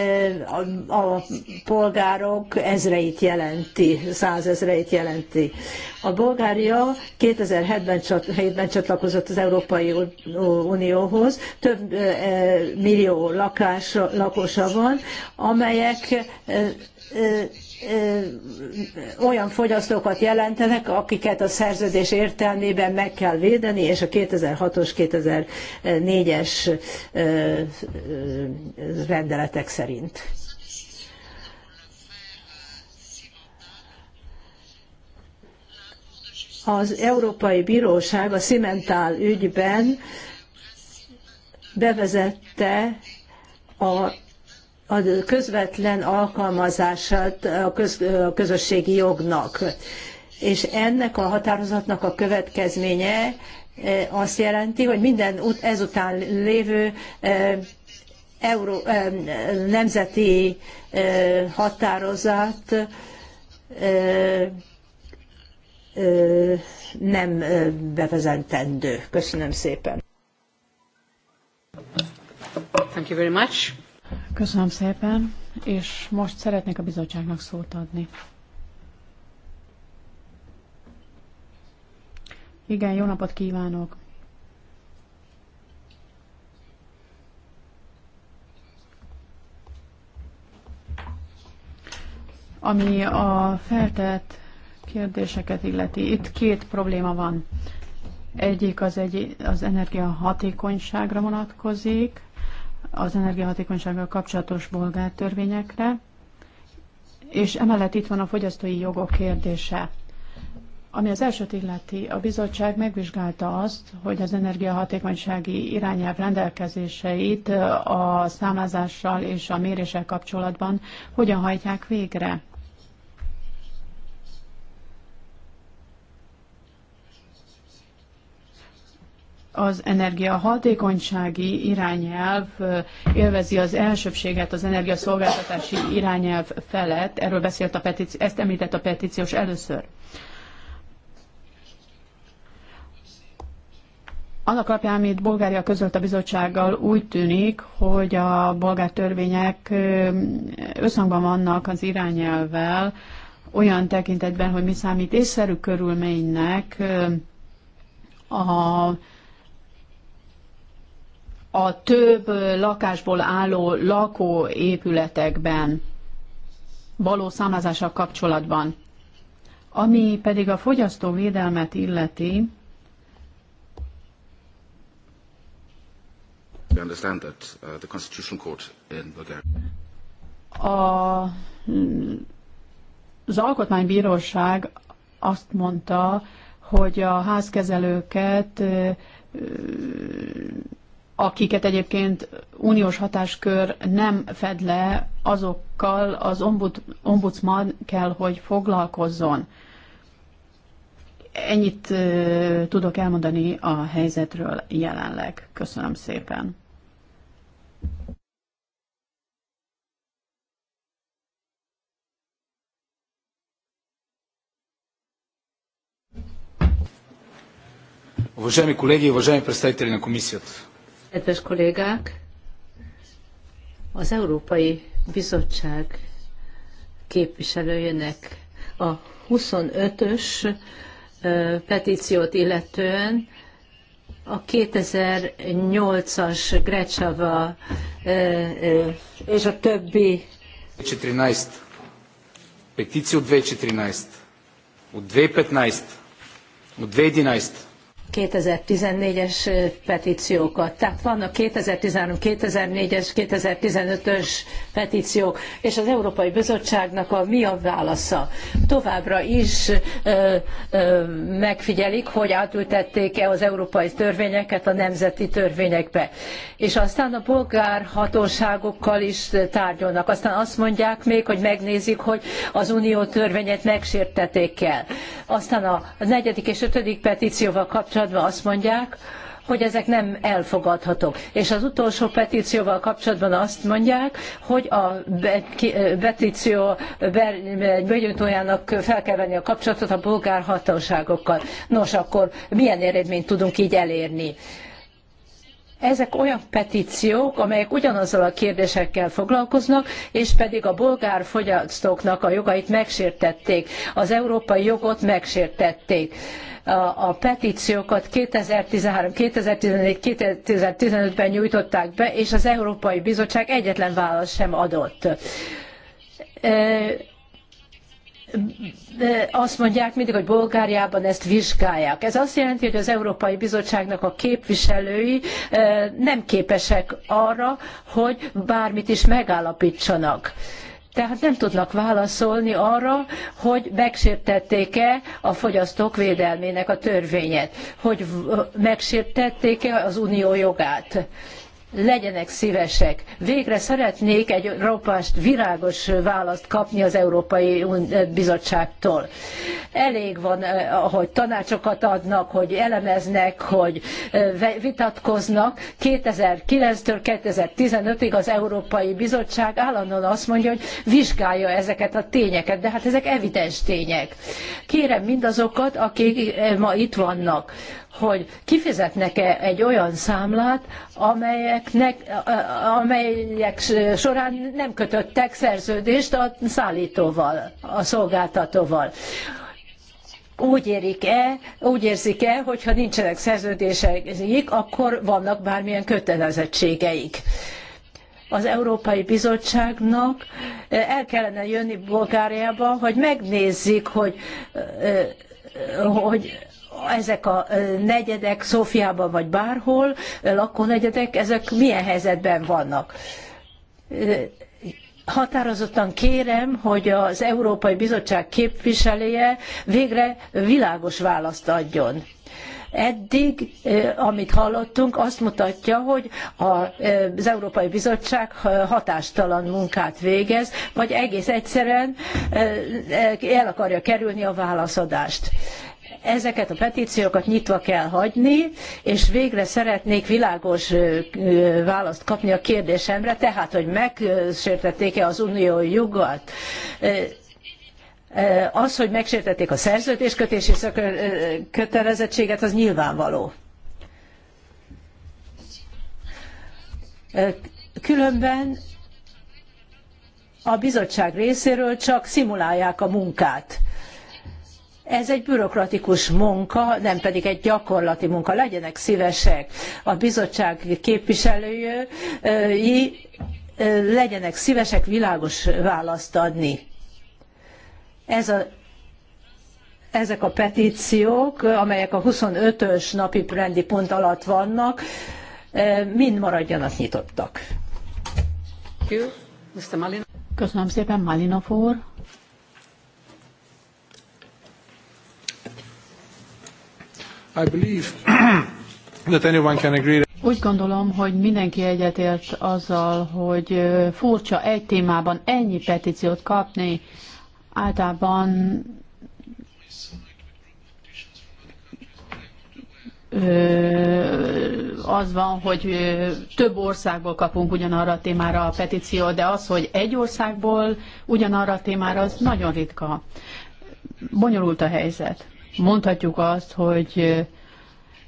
a polgárok ezreit jelenti, százezreit jelenti. A Bulgária 2007-ben csatlakozott az Európai Unióhoz, több e, e, millió lakás, lakosa van, amelyek olyan fogyasztókat jelentenek, akiket a szerződés értelmében meg kell védeni, és a 2006-os, 2004-es rendeletek szerint. Az Európai Bíróság a Cimentál ügyben bevezette a a közvetlen alkalmazását a, köz, a közösségi jognak. És ennek a határozatnak a következménye azt jelenti, hogy minden ezután lévő euró, nemzeti határozat nem bevezetendő. Köszönöm szépen. Thank you very much. Köszönöm szépen, és most szeretnék a bizottságnak szót adni. Igen, jó napot kívánok! Ami a feltett kérdéseket illeti, itt két probléma van. Egyik az, egy, az energiahatékonyságra vonatkozik, az energiahatékonysággal kapcsolatos bolgár törvényekre, és emellett itt van a fogyasztói jogok kérdése. Ami az elsőt illeti, a bizottság megvizsgálta azt, hogy az energiahatékonysági irányelv rendelkezéseit a számázással és a méréssel kapcsolatban hogyan hajtják végre. az energia hatékonysági irányelv élvezi az elsőbséget az energiaszolgáltatási irányelv felett, erről beszélt a petíció, ezt említett a petíciós először. Annak alapján, amit Bulgária közölt a bizottsággal, úgy tűnik, hogy a bolgár törvények összhangban vannak az irányelvvel, olyan tekintetben, hogy mi számít észszerű körülménynek a a több lakásból álló lakóépületekben való számlázással kapcsolatban. Ami pedig a fogyasztóvédelmet illeti, understand that uh, the Constitutional Court in Bulgaria. A, az Alkotmánybíróság azt mondta, hogy a házkezelőket akiket egyébként uniós hatáskör nem fed le, azokkal az ombud, ombudsman kell, hogy foglalkozzon. Ennyit tudok elmondani a helyzetről jelenleg. Köszönöm szépen. Уважаеми колеги, уважаеми представители на комисията. Kedves kollégák, az Európai Bizottság képviselőjének a 25-ös petíciót illetően a 2008-as Grecsava és a többi 2013. Petíció 2013. 2015. 2011. 2014-es petíciókat. Tehát vannak 2013, 2004-es, 2015-ös petíciók, és az Európai Bizottságnak a mi a válasza? Továbbra is ö, ö, megfigyelik, hogy átültették-e az európai törvényeket a nemzeti törvényekbe. És aztán a bolgár hatóságokkal is tárgyalnak. Aztán azt mondják még, hogy megnézik, hogy az unió törvényet megsértették el. Aztán a negyedik és ötödik petícióval kapcsolatban kapcsolatban azt mondják, hogy ezek nem elfogadhatók. És az utolsó petícióval kapcsolatban azt mondják, hogy a petíció begyújtójának fel kell venni a kapcsolatot a bulgár hatóságokkal. Nos, akkor milyen eredményt tudunk így elérni? Ezek olyan petíciók, amelyek ugyanazzal a kérdésekkel foglalkoznak, és pedig a bolgár fogyasztóknak a jogait megsértették, az európai jogot megsértették a, petíciókat 2013, 2014, 2015-ben nyújtották be, és az Európai Bizottság egyetlen választ sem adott azt mondják mindig, hogy Bulgáriában ezt vizsgálják. Ez azt jelenti, hogy az Európai Bizottságnak a képviselői nem képesek arra, hogy bármit is megállapítsanak tehát nem tudnak válaszolni arra, hogy megsértették-e a fogyasztók védelmének a törvényet, hogy megsértették-e az unió jogát legyenek szívesek. Végre szeretnék egy ropást, virágos választ kapni az Európai Bizottságtól. Elég van, eh, hogy tanácsokat adnak, hogy elemeznek, hogy eh, vitatkoznak. 2009-től 2015-ig az Európai Bizottság állandóan azt mondja, hogy vizsgálja ezeket a tényeket, de hát ezek evidens tények. Kérem mindazokat, akik eh, ma itt vannak, hogy kifizetnek-e egy olyan számlát, amelyeknek, amelyek során nem kötöttek szerződést a szállítóval, a szolgáltatóval úgy érik -e, úgy érzik-e, hogyha nincsenek szerződéseik, akkor vannak bármilyen kötelezettségeik. Az Európai Bizottságnak eh, el kellene jönni Bulgáriába, hogy megnézzük, hogy, eh, eh, hogy ezek a negyedek Szófiában vagy bárhol, lakónegyedek, ezek milyen helyzetben vannak. Határozottan kérem, hogy az Európai Bizottság képviselője végre világos választ adjon eddig, amit hallottunk, azt mutatja, hogy az Európai Bizottság hatástalan munkát végez, vagy egész egyszerűen el akarja kerülni a válaszadást. Ezeket a petíciókat nyitva kell hagyni, és végre szeretnék világos választ kapni a kérdésemre, tehát, hogy megsértették-e az unió jogat az, hogy megsértették a szerződéskötési kötelezettséget, az nyilvánvaló. Különben a bizottság részéről csak szimulálják a munkát. Ez egy bürokratikus munka, nem pedig egy gyakorlati munka. Legyenek szívesek a bizottság képviselői, legyenek szívesek világos választ adni. Ez a ezek a petíciók, amelyek a 25-ös napi rendi pont alatt vannak, mind maradjanak nyitottak. Köszönöm szépen, Malinov úr. I believe [clears throat] that anyone can agree that úgy gondolom, hogy mindenki egyetért azzal, hogy furcsa egy témában ennyi petíciót kapni, általában az van, hogy több országból kapunk ugyanarra a témára a petíciót, de az, hogy egy országból ugyanarra a témára, az nagyon ritka. Bonyolult a helyzet mondhatjuk azt, hogy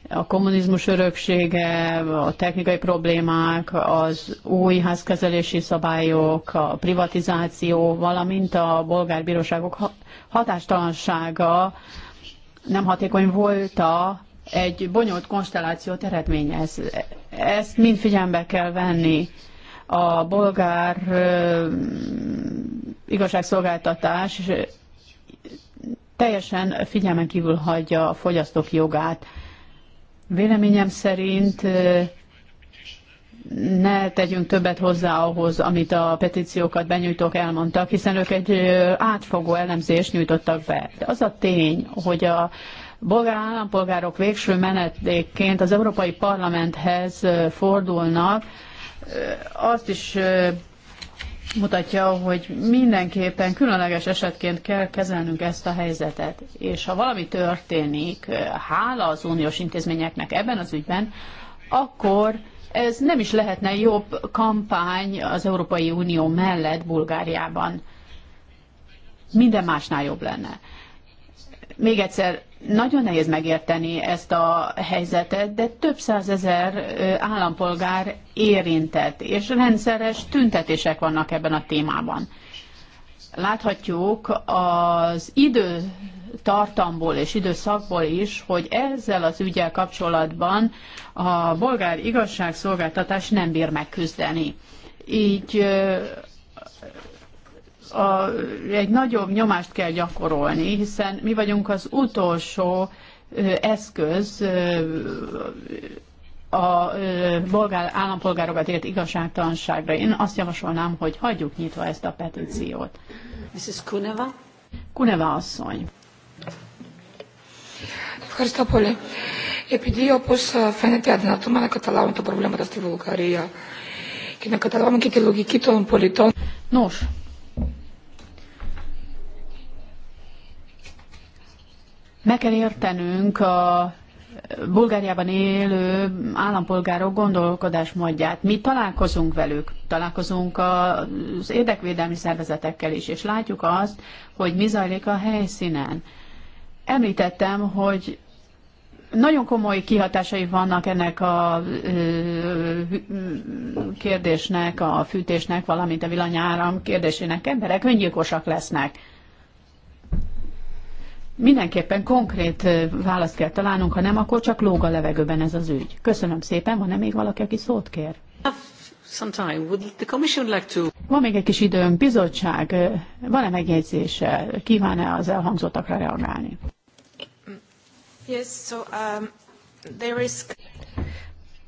a kommunizmus öröksége, a technikai problémák, az új házkezelési szabályok, a privatizáció, valamint a bolgár bíróságok hatástalansága nem hatékony volt a egy bonyolult konstellációt eredményez. Ezt mind figyelembe kell venni. A bolgár igazságszolgáltatás teljesen figyelmen kívül hagyja a fogyasztók jogát. Véleményem szerint ne tegyünk többet hozzá ahhoz, amit a petíciókat benyújtók elmondtak, hiszen ők egy átfogó elemzést nyújtottak be. De az a tény, hogy a bolgár állampolgárok végső menetékként az Európai Parlamenthez fordulnak, azt is mutatja, hogy mindenképpen különleges esetként kell kezelnünk ezt a helyzetet. És ha valami történik, hála az uniós intézményeknek ebben az ügyben, akkor ez nem is lehetne jobb kampány az Európai Unió mellett Bulgáriában. Minden másnál jobb lenne. Még egyszer nagyon nehéz megérteni ezt a helyzetet, de több százezer állampolgár érintett, és rendszeres tüntetések vannak ebben a témában. Láthatjuk az időtartamból és időszakból is, hogy ezzel az ügyel kapcsolatban a bolgár igazságszolgáltatás nem bír megküzdeni. Így a, egy nagyobb nyomást kell gyakorolni, hiszen mi vagyunk az utolsó eszköz a bolgár, állampolgárokat ért igazságtalanságra. Én azt javasolnám, hogy hagyjuk nyitva ezt a petíciót. Mrs. Kuneva? Kuneva asszony. Ευχαριστώ πολύ. Επειδή όπως φαίνεται αδυνατούμε να καταλάβουμε τα προβλήματα στη Βουλγαρία και να καταλάβουμε και τη λογική των πολιτών. Nos, Meg kell értenünk a Bulgáriában élő állampolgárok gondolkodásmódját. Mi találkozunk velük, találkozunk az érdekvédelmi szervezetekkel is, és látjuk azt, hogy mi zajlik a helyszínen. Említettem, hogy nagyon komoly kihatásai vannak ennek a kérdésnek, a fűtésnek, valamint a villanyáram kérdésének. Emberek öngyilkosak lesznek Mindenképpen konkrét választ kell találnunk, ha nem, akkor csak lóg a levegőben ez az ügy. Köszönöm szépen, van-e még valaki, aki szót kér? Van még egy kis időm, bizottság, van-e megjegyzése, kíván-e az elhangzottakra reagálni? Yes, so, um, there is...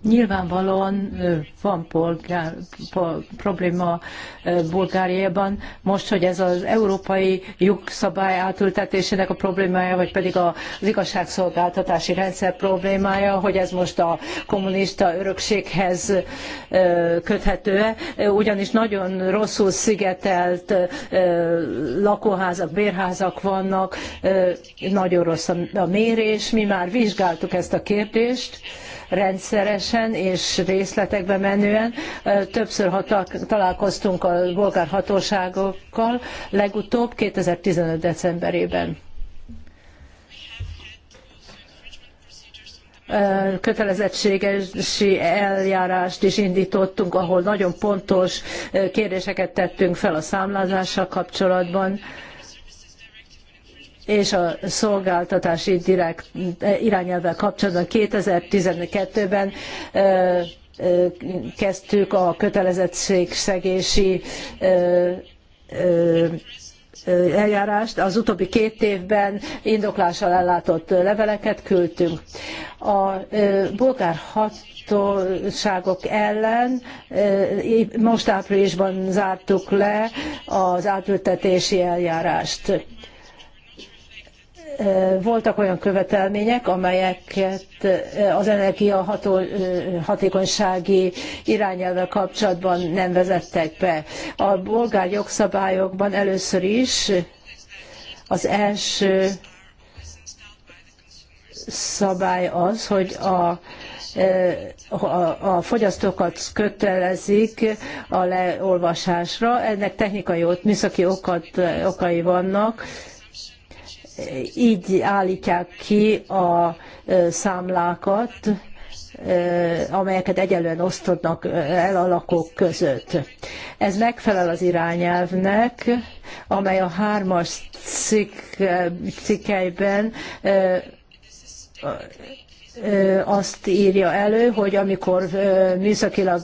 Nyilvánvalóan van polgár, pol, probléma Bulgáriában. Most, hogy ez az európai jogszabály átültetésének a problémája, vagy pedig az igazságszolgáltatási rendszer problémája, hogy ez most a kommunista örökséghez köthető-e, ugyanis nagyon rosszul szigetelt lakóházak, bérházak vannak, nagyon rossz a mérés, mi már vizsgáltuk ezt a kérdést, rendszeresen és részletekbe menően. Többször találkoztunk a bolgár hatóságokkal, legutóbb 2015. decemberében. kötelezettségesi eljárást is indítottunk, ahol nagyon pontos kérdéseket tettünk fel a számlázással kapcsolatban és a szolgáltatási direkt, eh, irányelvvel kapcsolatban 2012-ben eh, eh, kezdtük a kötelezettségszegési eljárást. Az utóbbi két évben indoklással ellátott leveleket küldtünk. A bolgár hatóságok ellen most áprilisban zártuk le az átültetési eljárást voltak olyan követelmények, amelyeket az energia ható, hatékonysági irányelvvel kapcsolatban nem vezettek be. A bolgár jogszabályokban először is az első szabály az, hogy a a, a fogyasztókat kötelezik a leolvasásra. Ennek technikai, műszaki okat, okai vannak, így állítják ki a számlákat, amelyeket egyelően osztodnak el a lakók között. Ez megfelel az irányelvnek, amely a hármas cikk, cikkelyben azt írja elő, hogy amikor műszakilag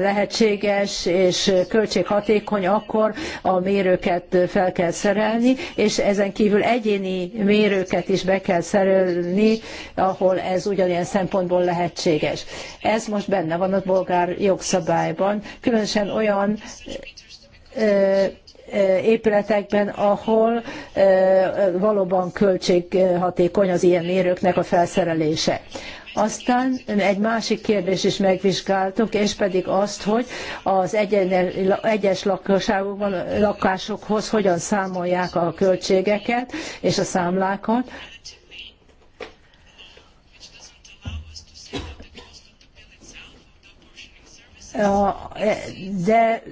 lehetséges és költséghatékony, akkor a mérőket fel kell szerelni, és ezen kívül egyéni mérőket is be kell szerelni, ahol ez ugyanilyen szempontból lehetséges. Ez most benne van a bolgár jogszabályban, különösen olyan Eh, épületekben, ahol eh, valóban költséghatékony az ilyen mérőknek a felszerelése. Aztán egy másik kérdés is megvizsgáltuk, és pedig azt, hogy az egyes lakosságokban, lakásokhoz hogyan számolják a költségeket és a számlákat. De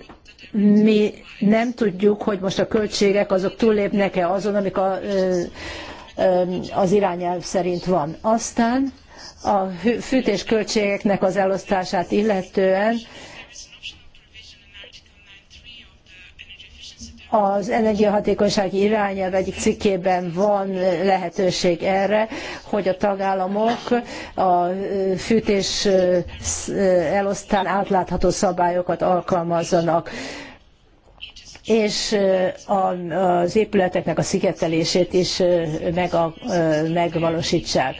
mi nem tudjuk, hogy most a költségek azok túllépnek-e azon, amik a, az irányelv szerint van. Aztán a fűtésköltségeknek az elosztását illetően Az energiahatékonysági irányelv egyik cikkében van lehetőség erre, hogy a tagállamok a fűtés elosztán átlátható szabályokat alkalmazzanak és az épületeknek a szigetelését is meg megvalósítsák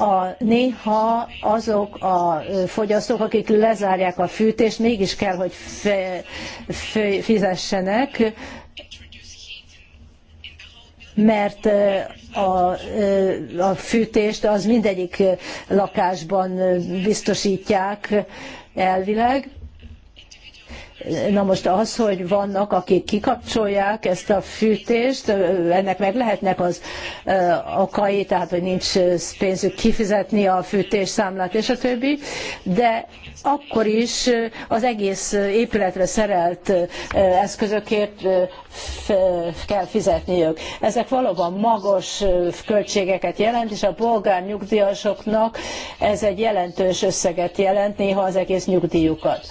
a, néha azok a fogyasztók, akik lezárják a fűtést, mégis kell, hogy fe, fe, fizessenek, mert a, a fűtést az mindegyik lakásban biztosítják elvileg, Na most az, hogy vannak, akik kikapcsolják ezt a fűtést, ennek meg lehetnek az okai, tehát hogy nincs pénzük kifizetni a fűtésszámlát és a többi, de akkor is az egész épületre szerelt eszközökért kell fizetniük. Ezek valóban magas költségeket jelent, és a bolgár nyugdíjasoknak ez egy jelentős összeget jelent, néha az egész nyugdíjukat.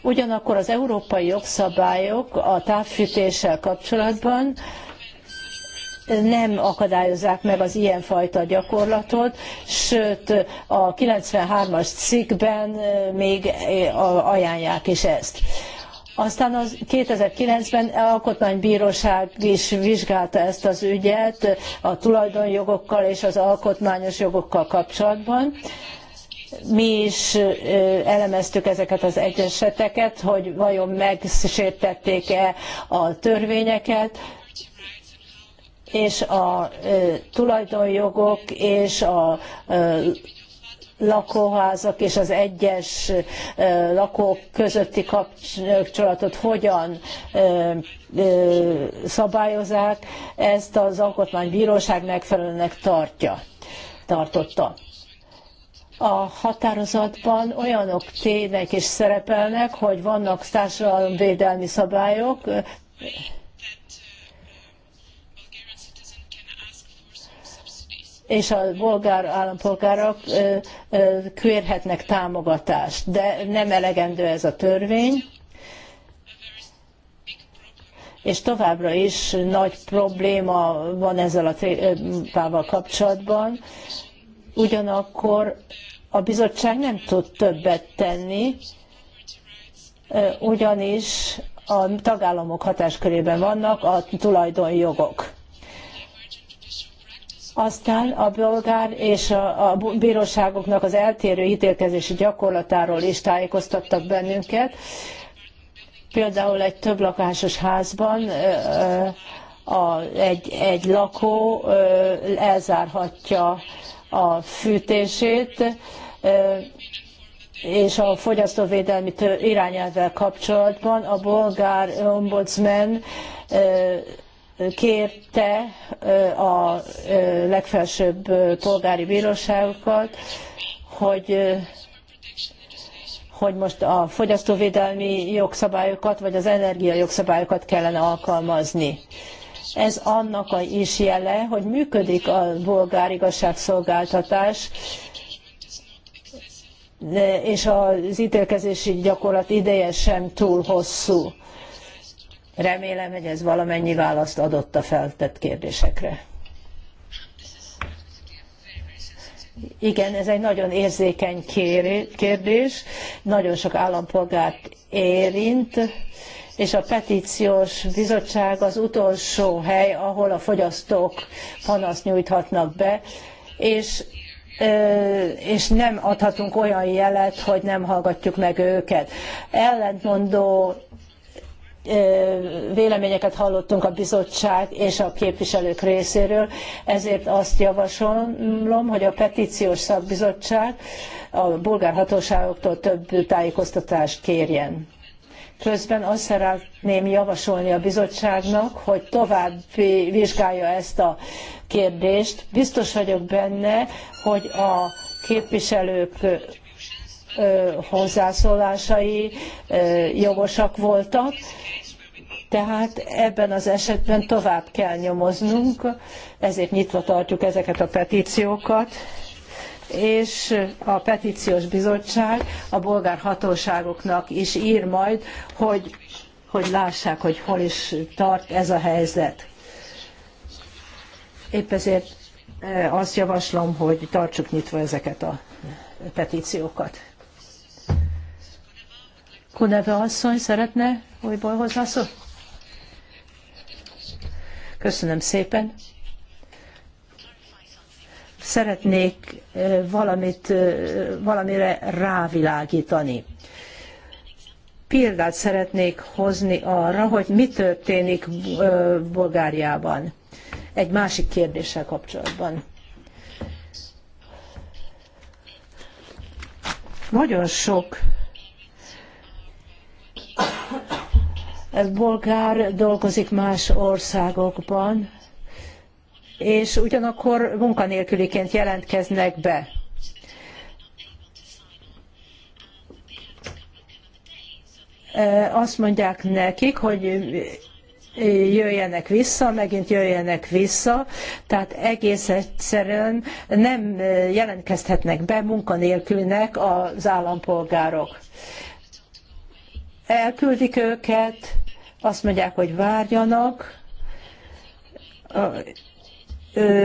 Ugyanakkor az európai jogszabályok a távfűtéssel kapcsolatban nem akadályozzák meg az ilyen fajta gyakorlatot, sőt a 93-as cikkben még ajánlják is ezt. Aztán az 2009-ben alkotmánybíróság is vizsgálta ezt az ügyet a tulajdonjogokkal és az alkotmányos jogokkal kapcsolatban, mi is elemeztük ezeket az egyeseteket, hogy vajon megsértették-e a törvényeket, és a tulajdonjogok és a lakóházak és az egyes lakók közötti kapcsolatot hogyan szabályozák, ezt az alkotmánybíróság megfelelőnek tartja, tartotta a határozatban olyanok tények is szerepelnek, hogy vannak társadalomvédelmi szabályok, és a bolgár állampolgárok kérhetnek támogatást, de nem elegendő ez a törvény, és továbbra is nagy probléma van ezzel a témával kapcsolatban, ugyanakkor a bizottság nem tud többet tenni, ugyanis a tagállamok hatáskörében vannak a tulajdonjogok. Aztán a bolgár és a, a bíróságoknak az eltérő ítélkezési gyakorlatáról is tájékoztattak bennünket. Például egy lakásos házban a, egy, egy lakó elzárhatja a fűtését, és a fogyasztóvédelmi irányelvvel kapcsolatban a bolgár ombudsman kérte a legfelsőbb polgári bíróságokat, hogy hogy most a fogyasztóvédelmi jogszabályokat, vagy az energiajogszabályokat kellene alkalmazni. Ez annak a is jele, hogy működik a bolgár igazságszolgáltatás, és az ítélkezési gyakorlat ideje sem túl hosszú. Remélem, hogy ez valamennyi választ adott a feltett kérdésekre. Igen, ez egy nagyon érzékeny kérdés, nagyon sok állampolgárt érint, és a petíciós bizottság az utolsó hely, ahol a fogyasztók panaszt nyújthatnak be, és és nem adhatunk olyan jelet, hogy nem hallgatjuk meg őket. Ellentmondó véleményeket hallottunk a bizottság és a képviselők részéről, ezért azt javasolom, hogy a petíciós szakbizottság a bulgár hatóságoktól több tájékoztatást kérjen. Közben azt szeretném javasolni a bizottságnak, hogy tovább vizsgálja ezt a kérdést. Biztos vagyok benne, hogy a képviselők hozzászólásai jogosak voltak, tehát ebben az esetben tovább kell nyomoznunk, ezért nyitva tartjuk ezeket a petíciókat és a petíciós bizottság a bolgár hatóságoknak is ír majd, hogy, hogy lássák, hogy hol is tart ez a helyzet. Épp ezért e, azt javaslom, hogy tartsuk nyitva ezeket a petíciókat. Kuneve asszony szeretne újból hozzászólni? Köszönöm szépen szeretnék valamit, valamire rávilágítani. Példát szeretnék hozni arra, hogy mi történik Bulgáriában egy másik kérdéssel kapcsolatban. Nagyon sok bolgár dolgozik más országokban, és ugyanakkor munkanélküliként jelentkeznek be. Azt mondják nekik, hogy jöjjenek vissza, megint jöjjenek vissza, tehát egész egyszerűen nem jelentkezhetnek be munkanélkülnek az állampolgárok. Elküldik őket, azt mondják, hogy várjanak,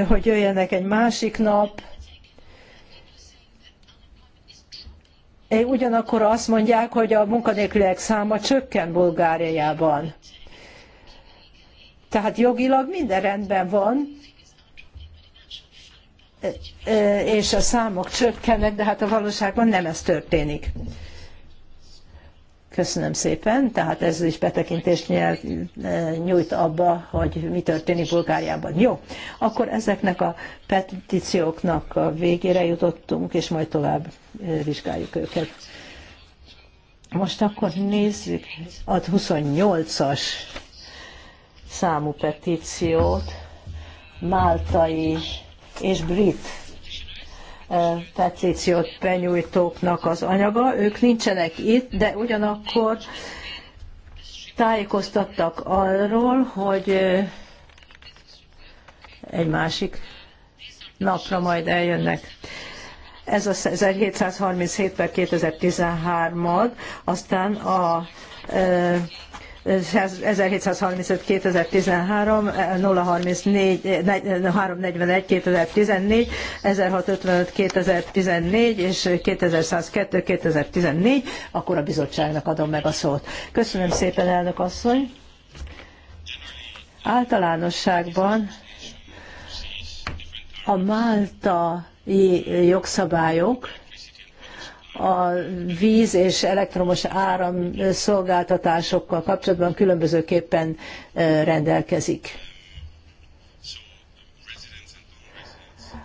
hogy jöjjenek egy másik nap. Ugyanakkor azt mondják, hogy a munkanélküliek száma csökken Bulgáriában. Tehát jogilag minden rendben van, és a számok csökkennek, de hát a valóságban nem ez történik. Köszönöm szépen, tehát ez is betekintést nyújt abba, hogy mi történik Bulgáriában. Jó, akkor ezeknek a petícióknak a végére jutottunk, és majd tovább vizsgáljuk őket. Most akkor nézzük a 28-as számú petíciót, máltai és brit E, petíciót benyújtóknak az anyaga. Ők nincsenek itt, de ugyanakkor tájékoztattak arról, hogy e, egy másik napra majd eljönnek. Ez a 1737 per 2013-ad, aztán a e, 1735-2013, 0341-2014, 1655-2014 és 2102-2014, akkor a bizottságnak adom meg a szót. Köszönöm szépen, elnök asszony! Általánosságban a máltai jogszabályok a víz és elektromos áram szolgáltatásokkal kapcsolatban különbözőképpen rendelkezik.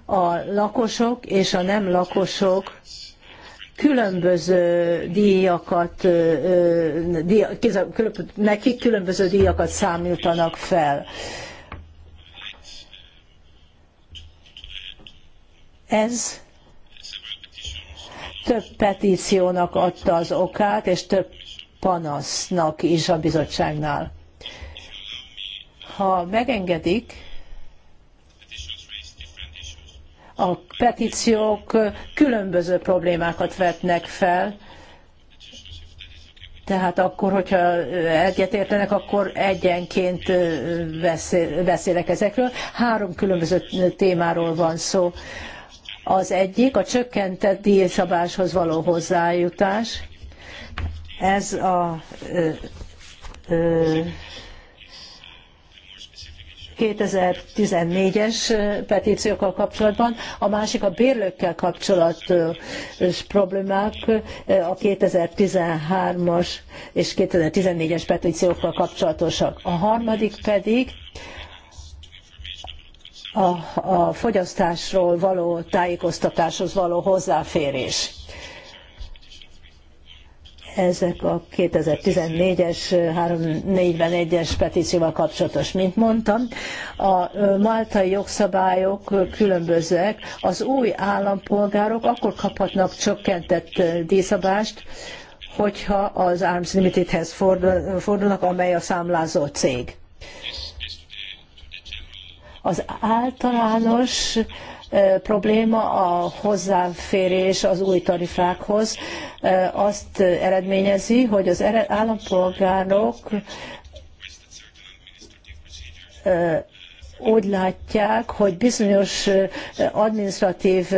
A lakosok és a nem lakosok különböző díjakat, nekik különböző díjakat számítanak fel. Ez több petíciónak adta az okát, és több panasznak is a bizottságnál. Ha megengedik, a petíciók különböző problémákat vetnek fel, tehát akkor, hogyha egyetértenek, akkor egyenként beszélek ezekről. Három különböző témáról van szó. Az egyik a csökkentett díjszabáshoz való hozzájutás. Ez a ö, ö, 2014-es petíciókkal kapcsolatban, a másik a bérlőkkel kapcsolatos problémák a 2013-as és 2014-es petíciókkal kapcsolatosak. A harmadik pedig a, a fogyasztásról való tájékoztatáshoz való hozzáférés. Ezek a 2014-es, 341-es petícióval kapcsolatos, mint mondtam. A máltai jogszabályok különbözőek. Az új állampolgárok akkor kaphatnak csökkentett díszabást, hogyha az Arms limitedhez fordulnak, amely a számlázó cég. Az általános probléma a hozzáférés az új tarifákhoz azt eredményezi, hogy az állampolgárok úgy látják, hogy bizonyos administratív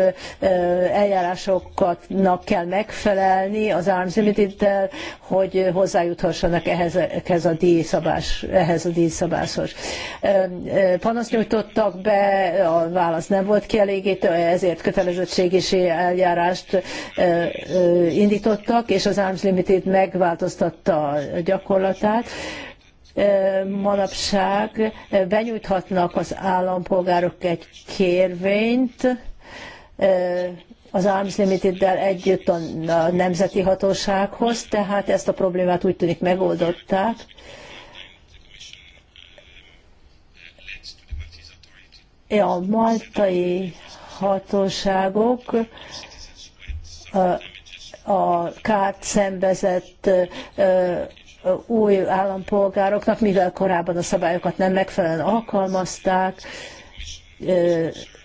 eljárásoknak kell megfelelni az Arms limited tel hogy hozzájuthassanak ehhez, a díjszabás, ehhez a díjszabáshoz. Panaszt nyújtottak be, a válasz nem volt kielégítő, ezért kötelezettségisi eljárást indítottak, és az Arms Limited megváltoztatta a gyakorlatát manapság benyújthatnak az állampolgárok egy kérvényt, az Arms Limited-del együtt a nemzeti hatósághoz, tehát ezt a problémát úgy tűnik megoldották. A maltai hatóságok a kárt szembezett új állampolgároknak, mivel korábban a szabályokat nem megfelelően alkalmazták,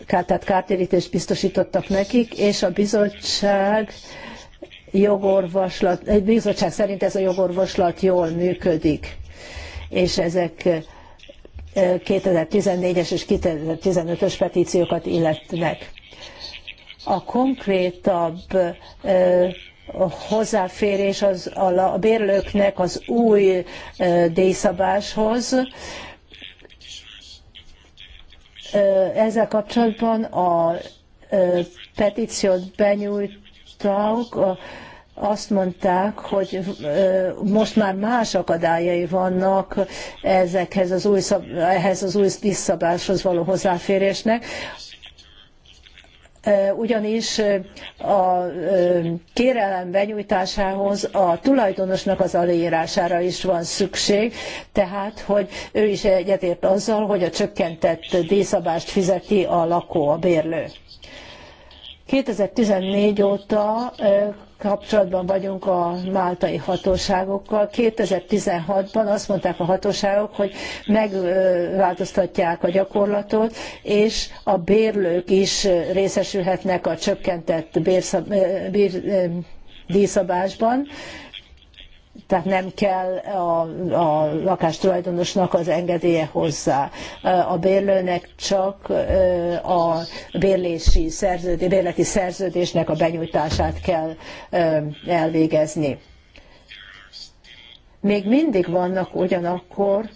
tehát kártérítést biztosítottak nekik, és a bizottság jogorvoslat, egy bizottság szerint ez a jogorvoslat jól működik, és ezek 2014-es és 2015-ös petíciókat illetnek. A konkrétabb hozzáférés az, a, a bérlőknek az új díjszabáshoz. Ezzel kapcsolatban a petíciót benyújtók azt mondták, hogy most már más akadályai vannak ezekhez az új, ehhez az új diszabáshoz való hozzáférésnek, ugyanis a kérelem benyújtásához a tulajdonosnak az aláírására is van szükség, tehát hogy ő is egyetért azzal, hogy a csökkentett díszabást fizeti a lakó, a bérlő. 2014 óta kapcsolatban vagyunk a máltai hatóságokkal. 2016-ban azt mondták a hatóságok, hogy megváltoztatják a gyakorlatot, és a bérlők is részesülhetnek a csökkentett bérszab- bér, eh, díszabásban tehát nem kell a, a lakástulajdonosnak az engedélye hozzá. A bérlőnek csak a bérlési szerződés, bérleti szerződésnek a benyújtását kell elvégezni. Még mindig vannak ugyanakkor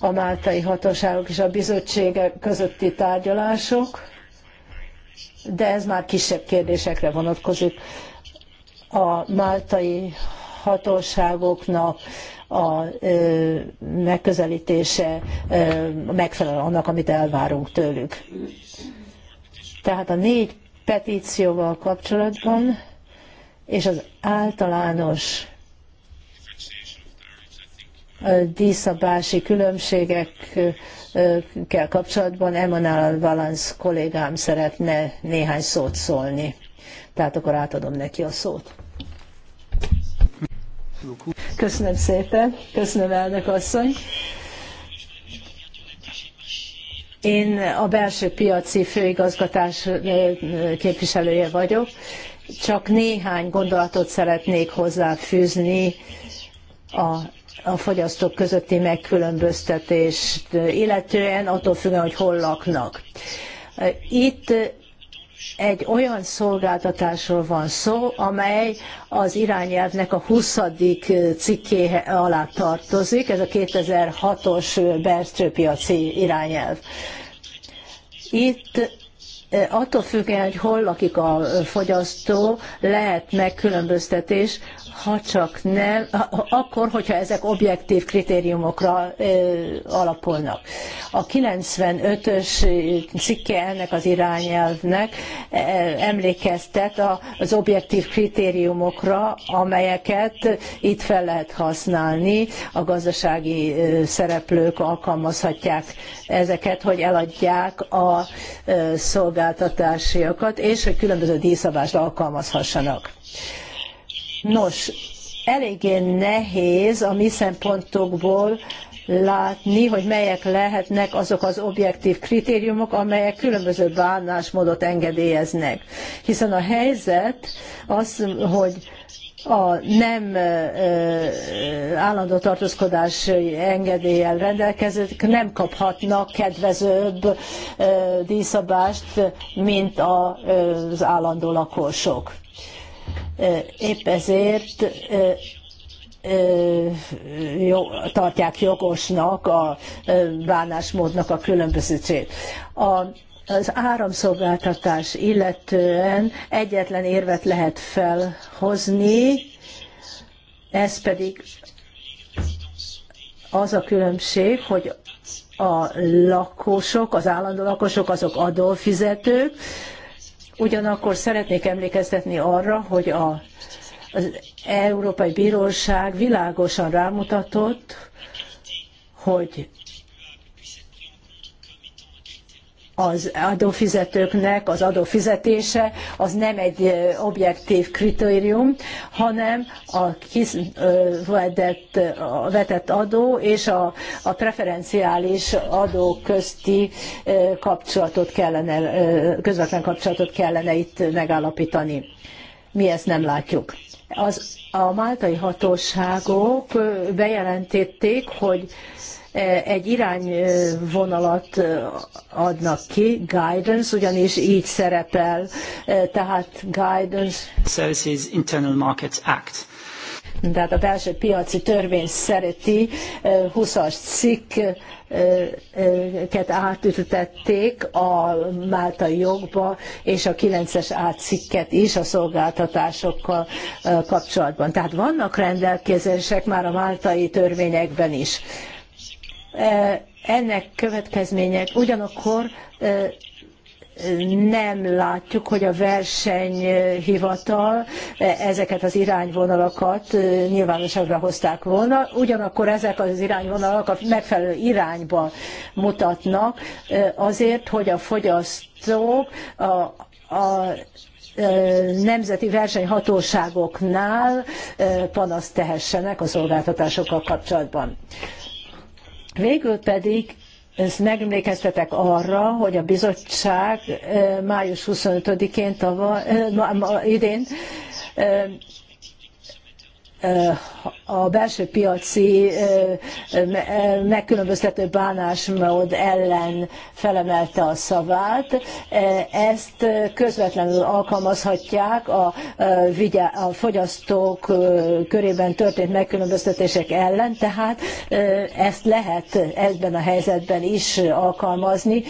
a máltai hatóságok és a bizottsége közötti tárgyalások, de ez már kisebb kérdésekre vonatkozik. A máltai hatóságoknak a megközelítése megfelel annak, amit elvárunk tőlük. Tehát a négy petícióval kapcsolatban és az általános díszabási különbségekkel kapcsolatban Emanál Valansz kollégám szeretne néhány szót szólni. Tehát akkor átadom neki a szót. Köszönöm szépen, köszönöm elnök asszony. Én a belső piaci főigazgatás eh, képviselője vagyok. Csak néhány gondolatot szeretnék hozzáfűzni a a fogyasztók közötti megkülönböztetést, eh, illetően attól függően, hogy hol laknak. Eh, itt egy olyan szolgáltatásról van szó, amely az irányelvnek a 20. Eh, cikké alá tartozik, ez a 2006-os eh, belső piaci irányelv. Itt eh, attól függően, hogy hol lakik a fogyasztó, lehet megkülönböztetés ha csak nem, akkor, hogyha ezek objektív kritériumokra alapulnak. A 95-ös cikke ennek az irányelvnek emlékeztet az objektív kritériumokra, amelyeket itt fel lehet használni, a gazdasági szereplők alkalmazhatják ezeket, hogy eladják a szolgáltatásiakat, és hogy különböző díjszabást alkalmazhassanak. Nos, eléggé nehéz a mi szempontokból látni, hogy melyek lehetnek azok az objektív kritériumok, amelyek különböző bánásmódot engedélyeznek. Hiszen a helyzet az, hogy a nem állandó tartózkodás engedéllyel rendelkezők nem kaphatnak kedvezőbb díszabást, mint az állandó lakosok. Épp ezért tartják jogosnak a bánásmódnak a különbözőcsét. A az áramszolgáltatás illetően egyetlen érvet lehet felhozni, ez pedig az a különbség, hogy a lakosok, az állandó lakosok, azok adófizetők, Ugyanakkor szeretnék emlékeztetni arra, hogy a, az Európai Bíróság világosan rámutatott, hogy az adófizetőknek az adófizetése az nem egy objektív kritérium, hanem a kivetett vetett adó és a, a preferenciális adó közti kapcsolatot kellene, közvetlen kapcsolatot kellene itt megállapítani. Mi ezt nem látjuk. Az, a máltai hatóságok bejelentették, hogy egy irányvonalat adnak ki, guidance, ugyanis így szerepel, tehát guidance. Services Internal Markets Act tehát a belső piaci törvény szereti 20-as cikket átütötték a máltai jogba, és a 9-es átcikket is a szolgáltatásokkal kapcsolatban. Tehát vannak rendelkezések már a máltai törvényekben is. Eh, ennek következmények ugyanakkor eh, nem látjuk, hogy a versenyhivatal eh, ezeket az irányvonalakat nyilvánosságra hozták volna. Ugyanakkor ezek az irányvonalak a megfelelő irányba mutatnak azért, hogy a fogyasztók a, a nemzeti versenyhatóságoknál panaszt tehessenek a szolgáltatásokkal kapcsolatban. Végül pedig ezt megemlékeztetek arra, hogy a bizottság május 25-én idén a belső piaci megkülönböztető bánásmód ellen felemelte a szavát. Ezt közvetlenül alkalmazhatják a, a fogyasztók körében történt megkülönböztetések ellen, tehát ezt lehet ebben a helyzetben is alkalmazni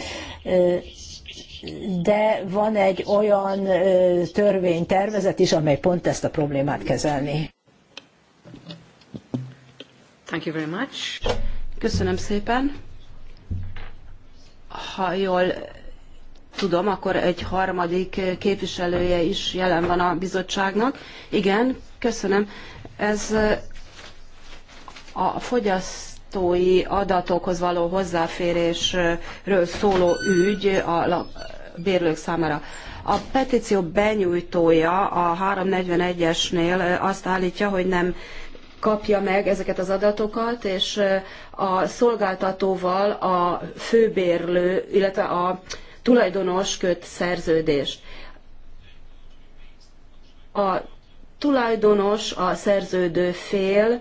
de van egy olyan törvénytervezet is, amely pont ezt a problémát kezelni. Thank you very much. Köszönöm szépen. Ha jól tudom, akkor egy harmadik képviselője is jelen van a bizottságnak. Igen, köszönöm. Ez eh, a fogyasztói adatokhoz való hozzáférésről szóló ügy a bérlők számára. A petíció benyújtója a 341-esnél eh, azt állítja, hogy nem kapja meg ezeket az adatokat, és a szolgáltatóval a főbérlő, illetve a tulajdonos köt szerződést. A tulajdonos, a szerződő fél,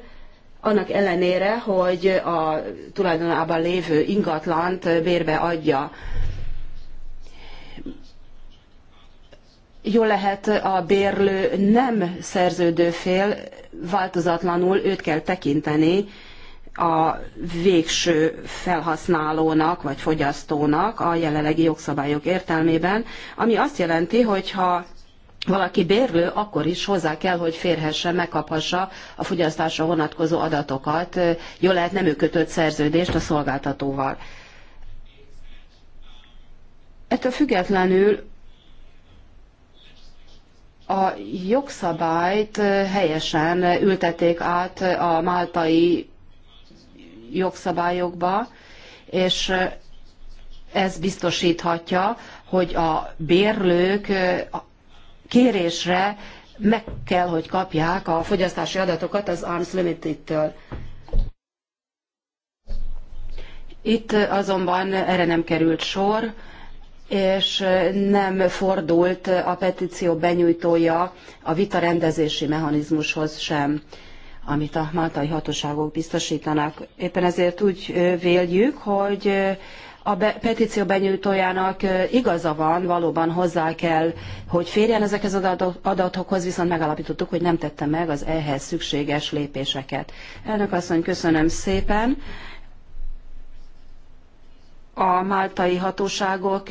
annak ellenére, hogy a tulajdonában lévő ingatlant bérbe adja. jól lehet a bérlő nem szerződő fél, változatlanul őt kell tekinteni a végső felhasználónak vagy fogyasztónak a jelenlegi jogszabályok értelmében, ami azt jelenti, hogy ha valaki bérlő, akkor is hozzá kell, hogy férhesse, megkaphassa a fogyasztásra vonatkozó adatokat, jól lehet nem ő kötött szerződést a szolgáltatóval. Ettől függetlenül a jogszabályt helyesen ültették át a máltai jogszabályokba, és ez biztosíthatja, hogy a bérlők kérésre meg kell, hogy kapják a fogyasztási adatokat az Arms Limited-től. Itt azonban erre nem került sor, és nem fordult a petíció benyújtója a vita rendezési mechanizmushoz sem, amit a máltai hatóságok biztosítanak. Éppen ezért úgy véljük, hogy a be, petíció benyújtójának igaza van, valóban hozzá kell, hogy férjen ezekhez az adatokhoz, viszont megalapítottuk, hogy nem tette meg az ehhez szükséges lépéseket. Elnök asszony, köszönöm szépen a máltai hatóságok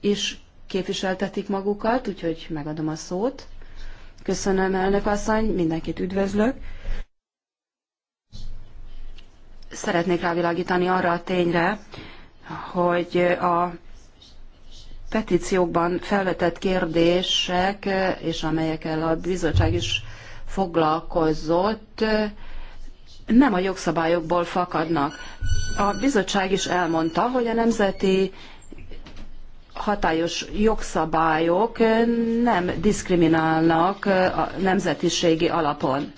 is képviseltetik magukat, úgyhogy megadom a szót. Köszönöm, elnök asszony, mindenkit üdvözlök. Szeretnék rávilágítani arra a tényre, hogy a petíciókban felvetett kérdések, és amelyekkel a bizottság is foglalkozott, nem a jogszabályokból fakadnak. A bizottság is elmondta, hogy a nemzeti hatályos jogszabályok nem diszkriminálnak a nemzetiségi alapon,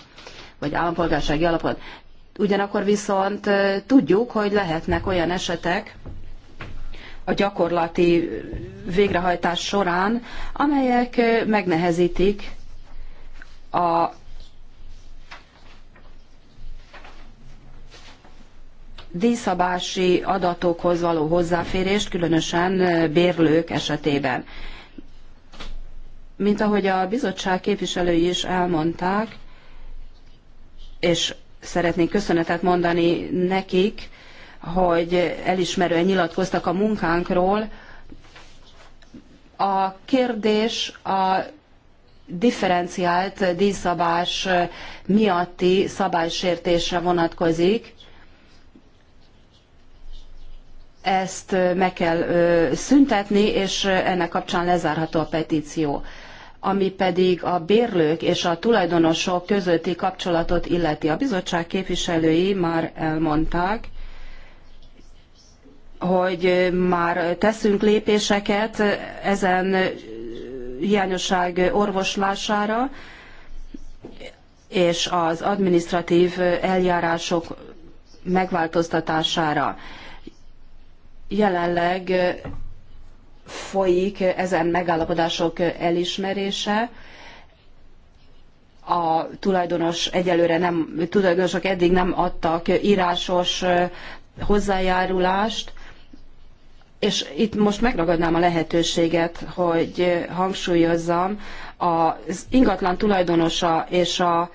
vagy állampolgársági alapon. Ugyanakkor viszont tudjuk, hogy lehetnek olyan esetek a gyakorlati végrehajtás során, amelyek megnehezítik a díjszabási adatokhoz való hozzáférést, különösen bérlők esetében. Mint ahogy a bizottság képviselői is elmondták, és szeretnék köszönetet mondani nekik, hogy elismerően nyilatkoztak a munkánkról. A kérdés a differenciált díszabás miatti szabálysértésre vonatkozik, ezt meg kell szüntetni, és ennek kapcsán lezárható a petíció. Ami pedig a bérlők és a tulajdonosok közötti kapcsolatot illeti. A bizottság képviselői már elmondták, hogy már teszünk lépéseket ezen hiányosság orvoslására, és az administratív eljárások megváltoztatására jelenleg folyik ezen megállapodások elismerése. A tulajdonos egyelőre nem, tulajdonosok eddig nem adtak írásos hozzájárulást, és itt most megragadnám a lehetőséget, hogy hangsúlyozzam, az ingatlan tulajdonosa és a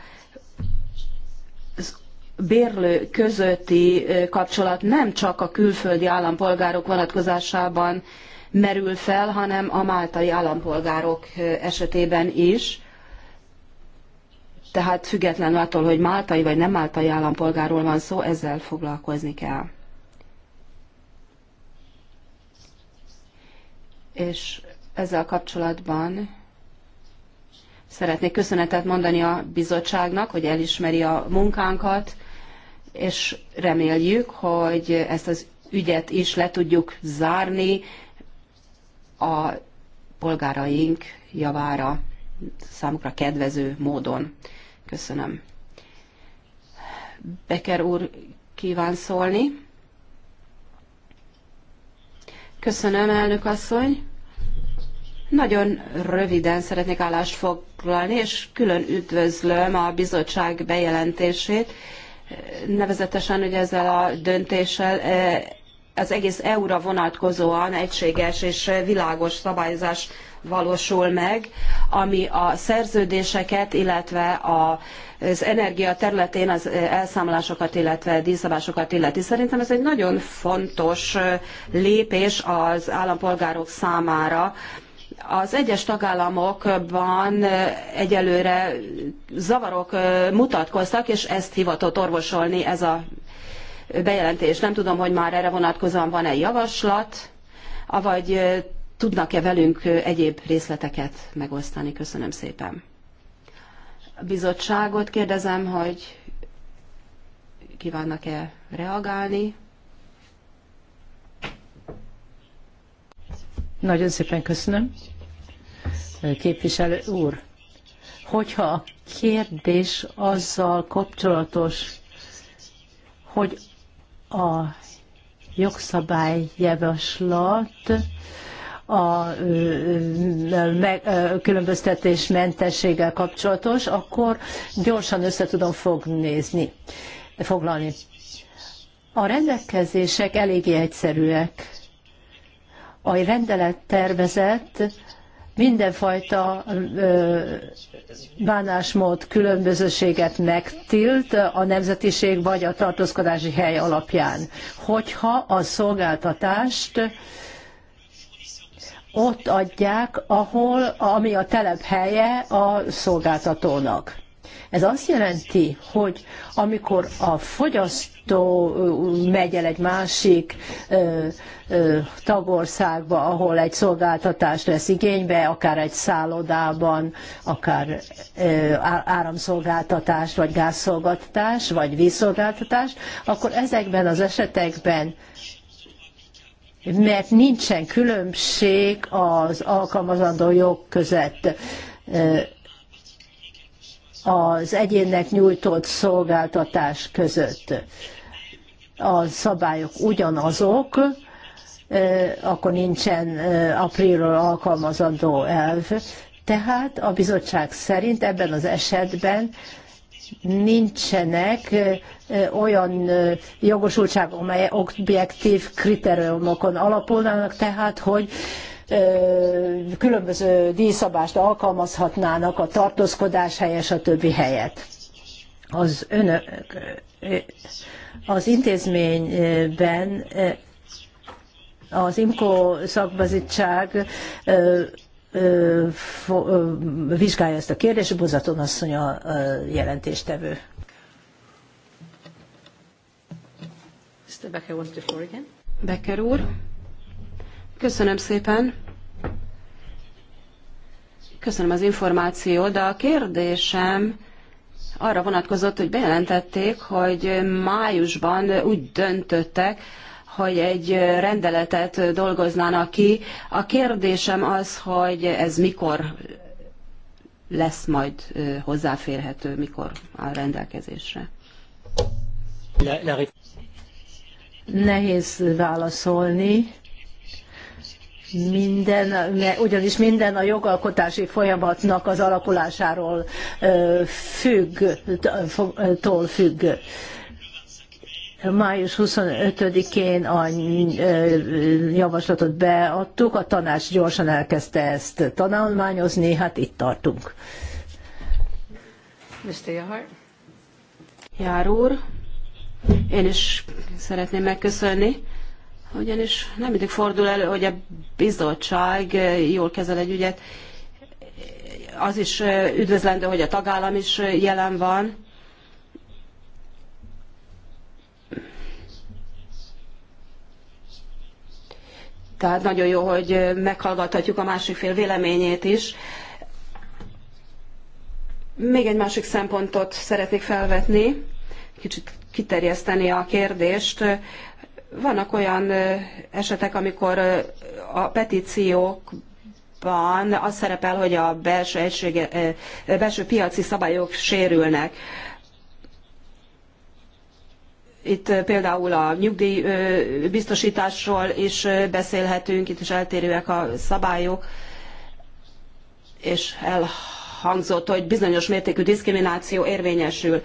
bérlő közötti kapcsolat nem csak a külföldi állampolgárok vonatkozásában merül fel, hanem a máltai állampolgárok esetében is. Tehát függetlenül attól, hogy máltai vagy nem máltai állampolgárról van szó, ezzel foglalkozni kell. És ezzel kapcsolatban szeretnék köszönetet mondani a bizottságnak, hogy elismeri a munkánkat, és reméljük, hogy ezt az ügyet is le tudjuk zárni a polgáraink javára, számukra kedvező módon. Köszönöm. Becker úr kíván szólni. Köszönöm, elnök asszony. Nagyon röviden szeretnék állást foglalni, és külön üdvözlöm a bizottság bejelentését, nevezetesen, hogy ezzel a döntéssel e, az egész EU-ra vonatkozóan egységes és világos szabályozás valósul meg, ami a szerződéseket, illetve az energia területén az elszámolásokat, illetve díjszabásokat illeti. Szerintem ez egy nagyon fontos lépés az állampolgárok számára, az egyes tagállamokban egyelőre zavarok mutatkoztak, és ezt hivatott orvosolni ez a bejelentés. Nem tudom, hogy már erre vonatkozóan van-e javaslat, avagy tudnak-e velünk egyéb részleteket megosztani. Köszönöm szépen. A bizottságot kérdezem, hogy kívánnak-e reagálni. Nagyon szépen köszönöm képviselő úr, hogyha a kérdés azzal kapcsolatos, hogy a jogszabályjavaslat a különböztetés mentességgel kapcsolatos, akkor gyorsan össze tudom nézni, foglalni. A rendelkezések eléggé egyszerűek. A rendelet tervezett mindenfajta bánásmód különbözőséget megtilt a nemzetiség vagy a tartózkodási hely alapján, hogyha a szolgáltatást ott adják, ahol, ami a telephelye a szolgáltatónak. Ez azt jelenti, hogy amikor a fogyasztó megy el egy másik ö, ö, tagországba, ahol egy szolgáltatást lesz igénybe, akár egy szállodában, akár ö, áramszolgáltatás, vagy gázszolgáltatás, vagy vízszolgáltatás, akkor ezekben az esetekben mert nincsen különbség az alkalmazandó jog között az egyének nyújtott szolgáltatás között. A szabályok ugyanazok, akkor nincsen aprilról alkalmazandó elv. Tehát a bizottság szerint ebben az esetben nincsenek olyan jogosultságok, amely objektív kritériumokon alapulnának, tehát hogy különböző díjszabást alkalmazhatnának a tartózkodás helye, stb. helyett. Az önök, az intézményben az IMKO szakbazítság vizsgálja ezt a kérdést, Bozaton asszony a jelentéstevő. Becker úr. Köszönöm szépen. Köszönöm az információt, de a kérdésem arra vonatkozott, hogy bejelentették, hogy májusban úgy döntöttek, hogy egy rendeletet dolgoznának ki. A kérdésem az, hogy ez mikor lesz majd hozzáférhető, mikor áll rendelkezésre. Nehéz válaszolni minden, ugyanis minden a jogalkotási folyamatnak az alakulásáról függ, tól függ. Május 25-én a javaslatot beadtuk, a tanács gyorsan elkezdte ezt tanulmányozni, hát itt tartunk. Mr. Jahar. Jár úr, én is szeretném megköszönni ugyanis nem mindig fordul elő, hogy a bizottság eh, jól kezel egy ügyet. Az is eh, üdvözlendő, hogy a tagállam is eh, jelen van. Tehát nagyon jó, hogy meghallgathatjuk a másik fél véleményét is. Még egy másik szempontot szeretnék felvetni, kicsit kiterjeszteni a kérdést. Vannak olyan esetek, amikor a petíciók van, az szerepel, hogy a belső, egysége, belső piaci szabályok sérülnek. Itt például a nyugdíjbiztosításról is beszélhetünk, itt is eltérőek a szabályok, és elhangzott, hogy bizonyos mértékű diszkrimináció érvényesül.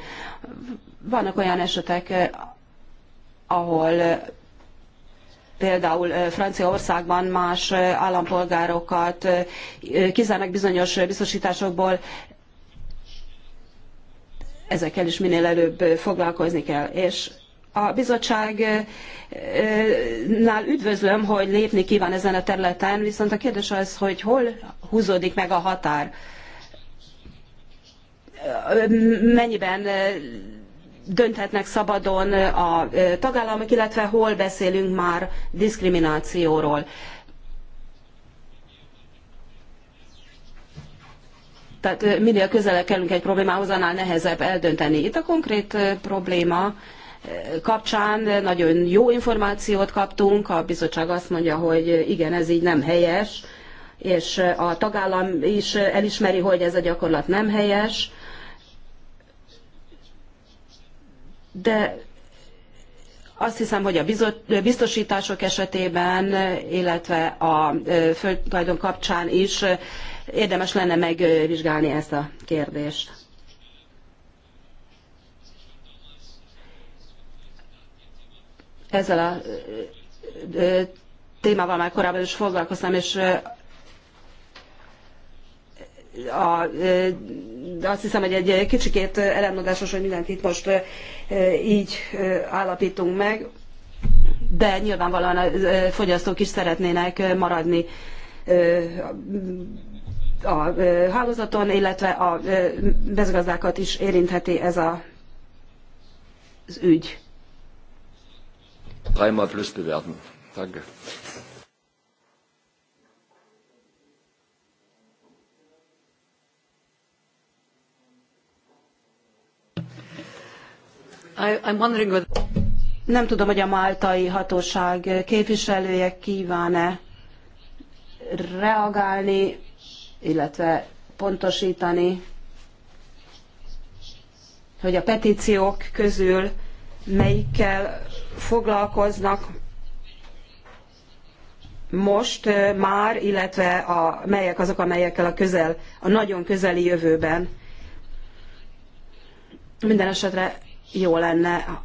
Vannak olyan esetek, ahol például Franciaországban más állampolgárokat kizárnak bizonyos biztosításokból, ezekkel is minél előbb foglalkozni kell. És a bizottságnál üdvözlöm, hogy lépni kíván ezen a területen, viszont a kérdés az, hogy hol húzódik meg a határ. Mennyiben dönthetnek szabadon a e, tagállamok, illetve hol beszélünk már diszkriminációról. Tehát e, minél közelebb kerülünk egy problémához, annál nehezebb eldönteni. Itt a konkrét e, probléma kapcsán nagyon jó információt kaptunk, a bizottság azt mondja, hogy igen, ez így nem helyes, és a tagállam is elismeri, hogy ez a gyakorlat nem helyes, de azt hiszem, hogy a biztosítások esetében, illetve a földtulajdon kapcsán is érdemes lenne megvizsgálni ezt a kérdést. Ezzel a témával már korábban is foglalkoztam, és a, azt hiszem, hogy egy kicsikét ellenmondásos, hogy mindenkit most így állapítunk meg, de nyilvánvalóan a fogyasztók is szeretnének maradni a hálózaton, illetve a mezőgazdákat is érintheti ez a, az ügy. Dreimal plusz bewerten. Danke. Nem tudom, hogy a máltai hatóság képviselője kíván-e reagálni, illetve pontosítani, hogy a petíciók közül melyikkel foglalkoznak most már, illetve a, melyek azok, amelyekkel a közel, a nagyon közeli jövőben. Minden esetre jó lenne,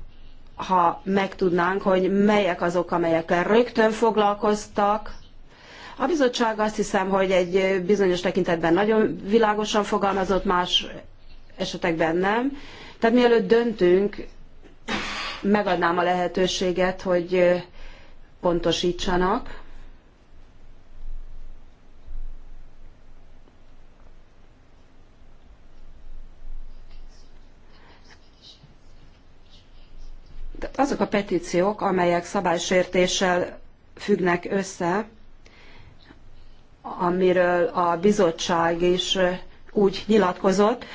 ha megtudnánk, hogy melyek azok, amelyekkel rögtön foglalkoztak. A bizottság azt hiszem, hogy egy bizonyos tekintetben nagyon világosan fogalmazott, más esetekben nem. Tehát mielőtt döntünk, megadnám a lehetőséget, hogy pontosítsanak. azok a petíciók, amelyek szabálysértéssel függnek össze, amiről a bizottság is úgy nyilatkozott,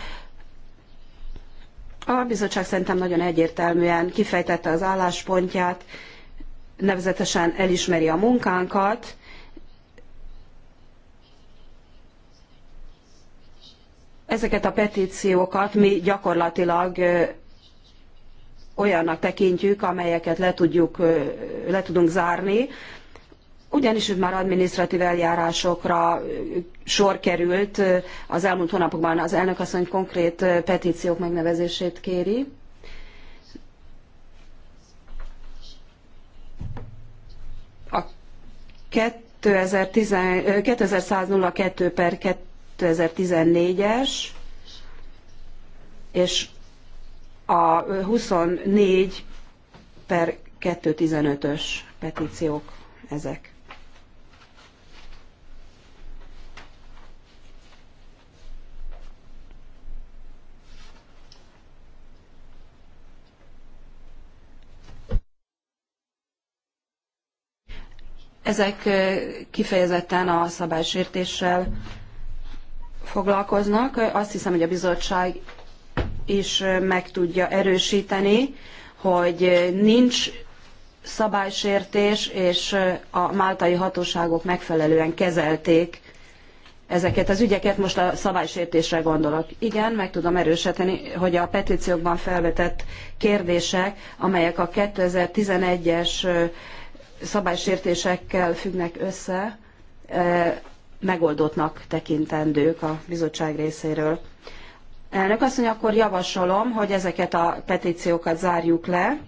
a bizottság szerintem nagyon egyértelműen kifejtette az álláspontját, nevezetesen elismeri a munkánkat, ezeket a petíciókat mi gyakorlatilag olyannak tekintjük, amelyeket le, tudjuk, le tudunk zárni, ugyanis itt már administratív eljárásokra sor került, az elmúlt hónapokban az elnök asszony konkrét petíciók megnevezését kéri. A 2102 per 2014-es és a 24 per 215-ös petíciók ezek. Ezek kifejezetten a szabálysértéssel foglalkoznak. Azt hiszem, hogy a bizottság is meg tudja erősíteni, hogy nincs szabálysértés, és a máltai hatóságok megfelelően kezelték ezeket az ügyeket, most a szabálysértésre gondolok. Igen, meg tudom erősíteni, hogy a petíciókban felvetett kérdések, amelyek a 2011-es szabálysértésekkel függnek össze, megoldottnak tekintendők a bizottság részéről. Elnök asszony, akkor javasolom, hogy ezeket a petíciókat zárjuk le.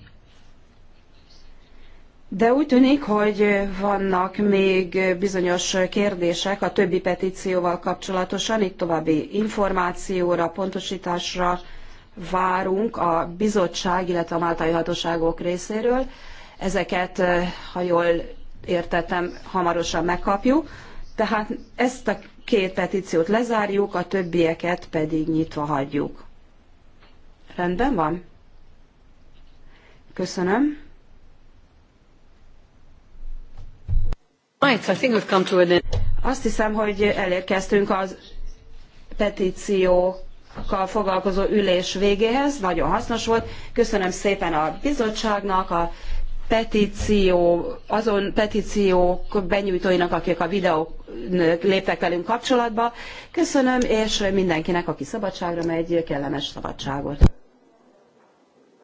De úgy tűnik, hogy vannak még bizonyos kérdések a többi petícióval kapcsolatosan, itt további információra, pontosításra várunk a bizottság, illetve a máltai hatóságok részéről. Ezeket, ha jól értettem, hamarosan megkapjuk. Tehát ezt a két petíciót lezárjuk, a többieket pedig nyitva hagyjuk. Rendben van? Köszönöm. Azt hiszem, hogy elérkeztünk az petíciókkal foglalkozó ülés végéhez. Nagyon hasznos volt. Köszönöm szépen a bizottságnak, a petíció, azon petíciók benyújtóinak, akik a videó léptek velünk kapcsolatba. Köszönöm, és mindenkinek, aki szabadságra megy, kellemes szabadságot.